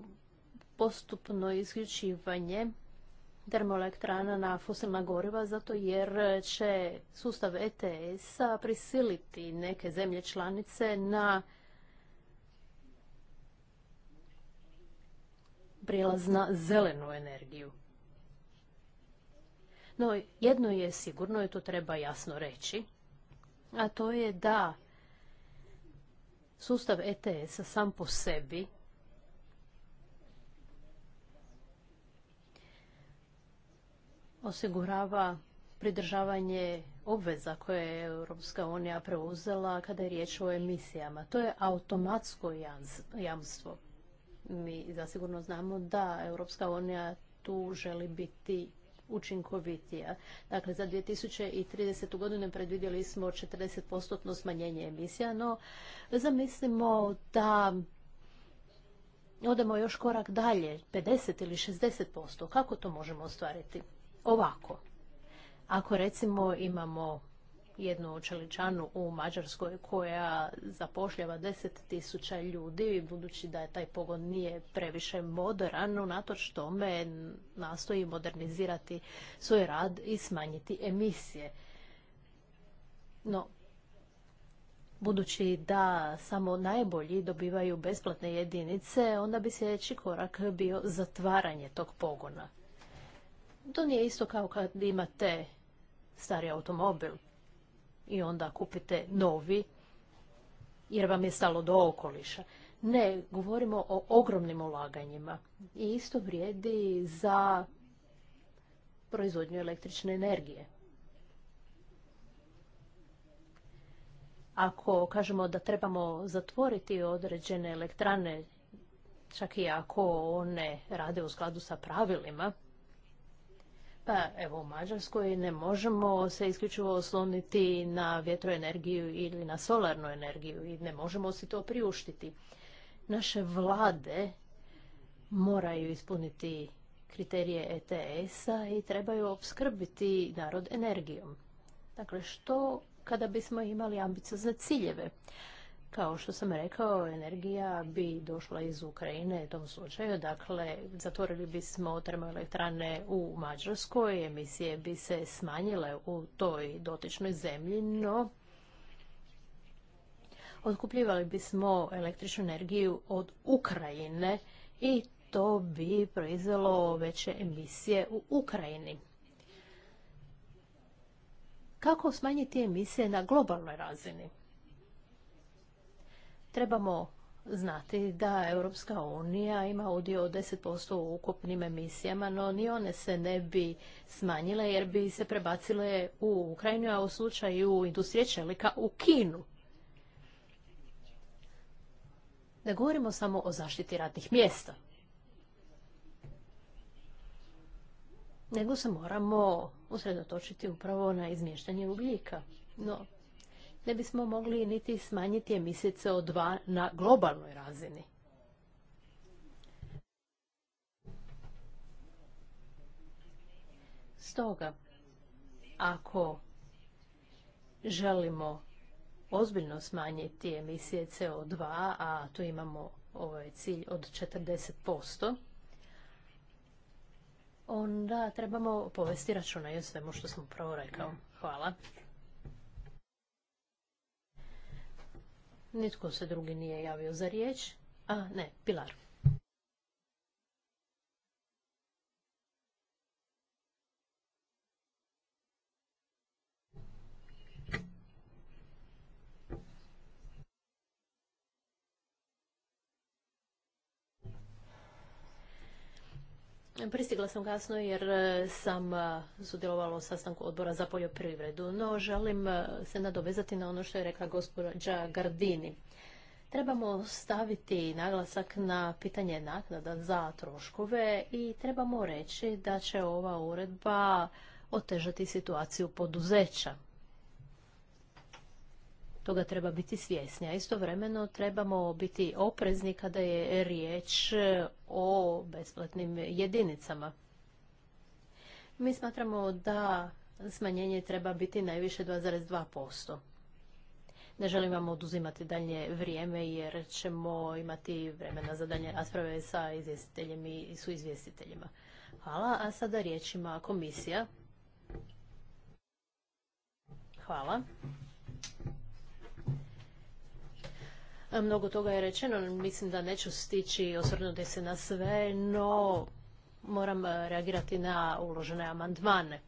postupno isključivanje termoelektrana na fosilna goriva zato jer će sustav ETS-a prisiliti neke zemlje članice na prilaz na zelenu energiju. No, jedno je sigurno i to treba jasno reći, a to je da sustav ETS-a sam po sebi osigurava pridržavanje obveza koje je Europska unija preuzela kada je riječ o emisijama. To je automatsko jamstvo. Mi zasigurno znamo da Europska unija tu želi biti učinkovitija. Dakle, za 2030. godinu predvidjeli smo 40% smanjenje emisija, no zamislimo da odemo još korak dalje, 50 ili 60%. Kako to možemo ostvariti? Ovako. Ako recimo imamo jednu čeličanu u Mađarskoj koja zapošljava tisuća ljudi, budući da je taj pogon nije previše modern, unatoč tome nastoji modernizirati svoj rad i smanjiti emisije. No, Budući da samo najbolji dobivaju besplatne jedinice, onda bi sljedeći korak bio zatvaranje tog pogona. To nije isto kao kad imate stari automobil i onda kupite novi jer vam je stalo do okoliša. Ne, govorimo o ogromnim ulaganjima i isto vrijedi za proizvodnju električne energije. Ako kažemo da trebamo zatvoriti određene elektrane, čak i ako one rade u skladu sa pravilima, pa evo u Mađarskoj ne možemo se isključivo osloniti na vjetroenergiju ili na solarnu energiju i ne možemo si to priuštiti. Naše vlade moraju ispuniti kriterije ETS-a i trebaju opskrbiti narod energijom. Dakle, što kada bismo imali za ciljeve? Kao što sam rekao, energija bi došla iz Ukrajine u tom slučaju. Dakle, zatvorili bismo termoelektrane u Mađarskoj, emisije bi se smanjile u toj dotičnoj zemlji, no otkupljivali bismo električnu energiju od Ukrajine i to bi proizvelo veće emisije u Ukrajini. Kako smanjiti emisije na globalnoj razini? Trebamo znati da Europska unija ima udio od 10% u ukupnim emisijama, no ni one se ne bi smanjile jer bi se prebacile u Ukrajinu, a u slučaju industrije čelika u Kinu. Ne govorimo samo o zaštiti radnih mjesta. Nego se moramo usredotočiti upravo na izmještanje ugljika. No, ne bismo mogli niti smanjiti emisije CO2 na globalnoj razini. Stoga, ako želimo ozbiljno smanjiti emisije CO2, a tu imamo ovaj cilj od 40%, onda trebamo povesti računa i o svemu što smo upravo rekao. Hvala. Nitko se drugi nije javio za riječ. A, ne, Pilar. Pristigla sam kasno jer e, sam e, sudjelovala u sastanku odbora za poljoprivredu, no želim e, se nadovezati na ono što je rekla gospođa Gardini. Trebamo staviti naglasak na pitanje naknada za troškove i trebamo reći da će ova uredba otežati situaciju poduzeća. Toga treba biti svjesni. A istovremeno trebamo biti oprezni kada je riječ o besplatnim jedinicama. Mi smatramo da smanjenje treba biti najviše 2,2%. Ne želim vam oduzimati dalje vrijeme jer ćemo imati vremena za dalje rasprave sa izvjestiteljem i suizvjestiteljima. Hvala, a sada riječ ima komisija. Hvala. E, mnogo toga je rečeno, mislim da neću stići osvrnuti se na sve, no moram e, reagirati na uložene amandmane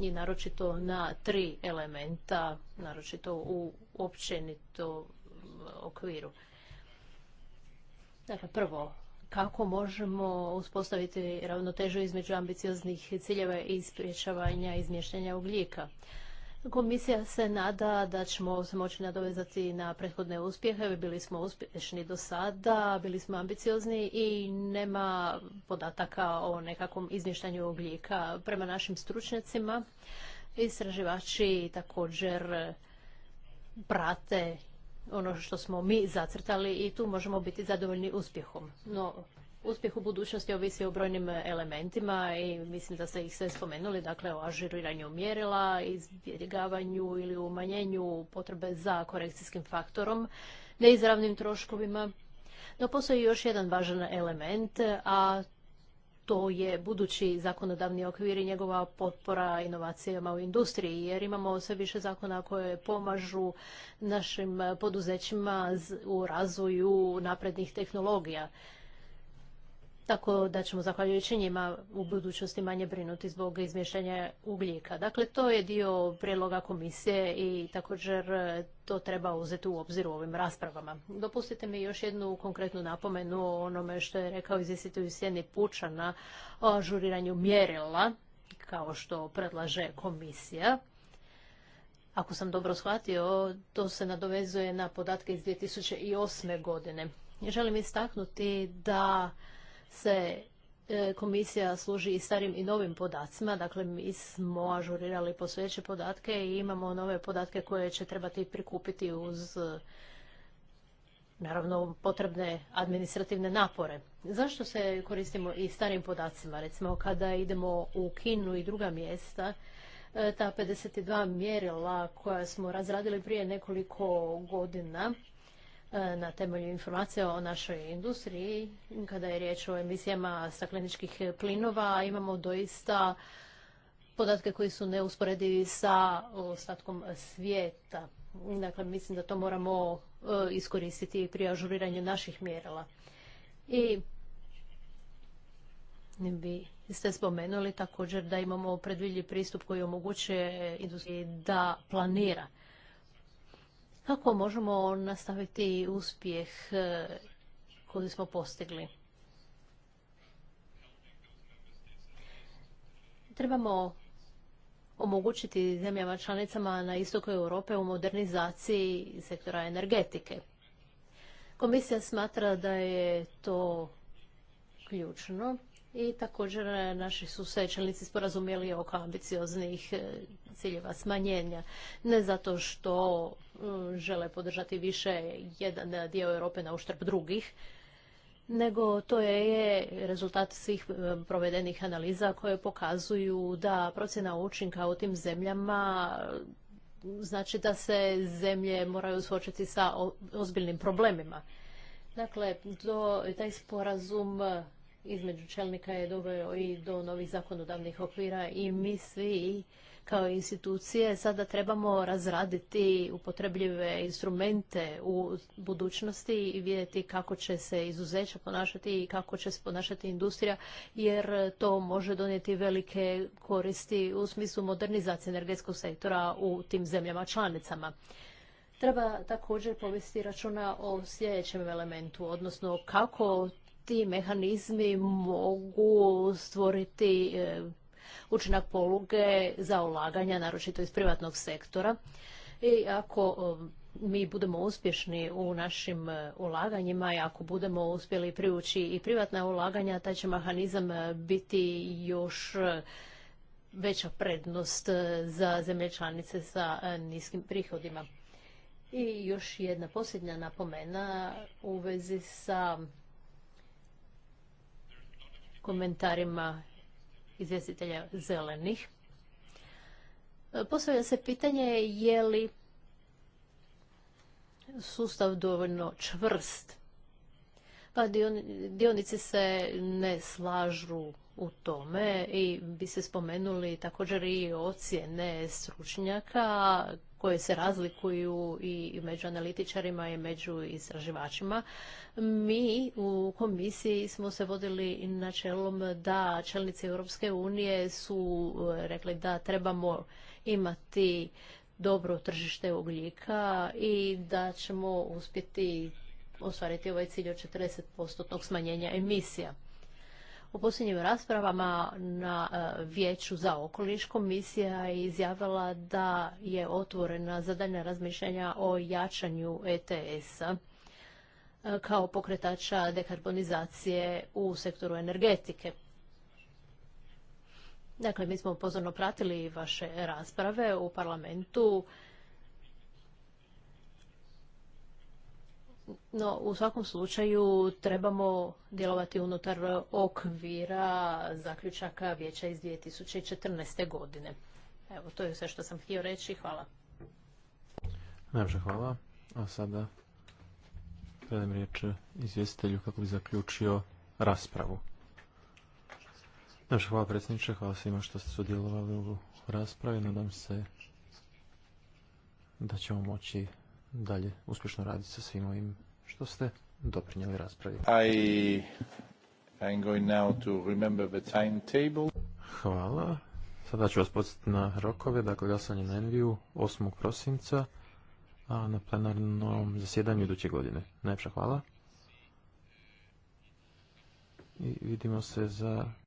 i naročito na tri elementa, naročito u općenito e, okviru. Dakle, prvo, kako možemo uspostaviti ravnotežu između ambicioznih ciljeva i sprječavanja izmještenja ugljika. Komisija se nada da ćemo se moći nadovezati na prethodne uspjehe. Bili smo uspješni do sada, bili smo ambiciozni i nema podataka o nekakvom izmještanju ugljika. Prema našim stručnjacima, istraživači također prate ono što smo mi zacrtali i tu možemo biti zadovoljni uspjehom. No, Uspjeh u budućnosti ovisi o brojnim elementima i mislim da ste ih sve spomenuli, dakle o ažiriranju mjerila, izbjegavanju ili umanjenju potrebe za korekcijskim faktorom, neizravnim troškovima. No postoji još jedan važan element, a to je budući zakonodavni okvir i njegova potpora inovacijama u industriji, jer imamo sve više zakona koje pomažu našim poduzećima u razvoju naprednih tehnologija tako da ćemo zahvaljujući njima u budućnosti manje brinuti zbog izmješanja ugljika. Dakle, to je dio prijedloga komisije i također e, to treba uzeti u obzir u ovim raspravama. Dopustite mi još jednu konkretnu napomenu o onome što je rekao izvjestitelj Sjeni Pučana o ažuriranju mjerila, kao što predlaže komisija. Ako sam dobro shvatio, to se nadovezuje na podatke iz 2008. godine. Želim istaknuti da se e, komisija služi i starim i novim podacima. Dakle, mi smo ažurirali postojeće podatke i imamo nove podatke koje će trebati prikupiti uz e, naravno potrebne administrativne napore. Zašto se koristimo i starim podacima? Recimo kada idemo u Kinu i druga mjesta, e, ta 52 mjerila koja smo razradili prije nekoliko godina E, na temelju informacija o našoj industriji, kada je riječ o emisijama stakleničkih plinova, imamo doista podatke koji su neusporedivi sa ostatkom svijeta. Dakle, mislim da to moramo e, iskoristiti pri ažuriranju naših mjerila. I vi ste spomenuli također da imamo predvidljiv pristup koji omogućuje industriji da planira kako možemo nastaviti uspjeh e, koji smo postigli. Trebamo omogućiti zemljama članicama na istoku Europe u modernizaciji sektora energetike. Komisija smatra da je to ključno i također e, naši su sečelnici sporazumijeli sporazumjeli oko ambicioznih e, ciljeva smanjenja. Ne zato što e, žele podržati više jedan dio Europe na uštrb drugih, nego to je rezultat svih provedenih analiza koje pokazuju da procjena učinka u tim zemljama znači da se zemlje moraju suočiti sa ozbiljnim problemima. Dakle, do taj sporazum između čelnika je doveo i do novih zakonodavnih okvira i mi svi kao institucije sada trebamo razraditi upotrebljive instrumente u budućnosti i vidjeti kako će se izuzeća ponašati i kako će se ponašati industrija jer to može donijeti velike koristi u smislu modernizacije energetskog sektora u tim zemljama članicama. Treba također povesti računa o sljedećem elementu, odnosno kako ti mehanizmi mogu stvoriti e, učinak poluge za ulaganja, naročito iz privatnog sektora. I ako e, mi budemo uspješni u našim e, ulaganjima i ako budemo uspjeli privući i privatna ulaganja, taj će mehanizam biti još veća prednost za zemlje članice sa niskim prihodima. I još jedna posljednja napomena u vezi sa komentarima izvjestitelja zelenih. E, postavlja se pitanje je li sustav dovoljno čvrst. Pa dionici se ne slažu u tome i bi se spomenuli također i ocjene stručnjaka koje se razlikuju i među analitičarima i među istraživačima. Mi u komisiji smo se vodili načelom da čelnici Europske unije su e, rekli da trebamo imati dobro tržište ugljika i da ćemo uspjeti ostvariti ovaj cilj od 40% smanjenja emisija. U posljednjim raspravama na e, Vijeću za okoliš komisija je izjavila da je otvorena za razmišljanja o jačanju ETS-a e, kao pokretača dekarbonizacije u sektoru energetike. Dakle, mi smo pozorno pratili vaše rasprave u parlamentu No, u svakom slučaju trebamo djelovati unutar okvira zaključaka vijeća iz 2014. godine. Evo, to je sve što sam htio reći. Hvala. Najbolje hvala. A sada predajem riječ izvjestitelju kako bi zaključio raspravu. Najbolje hvala predsjedniče, hvala svima što ste sudjelovali u raspravi. Nadam se da ćemo moći dalje uspješno raditi sa svim ovim što ste doprinijeli raspravi. I am going now to remember the timetable. Hvala. Sada ću vas podsjetiti na rokove, dakle glasanje na Enviju 8. prosinca, a na plenarnom zasjedanju iduće godine. Najpša hvala. I vidimo se za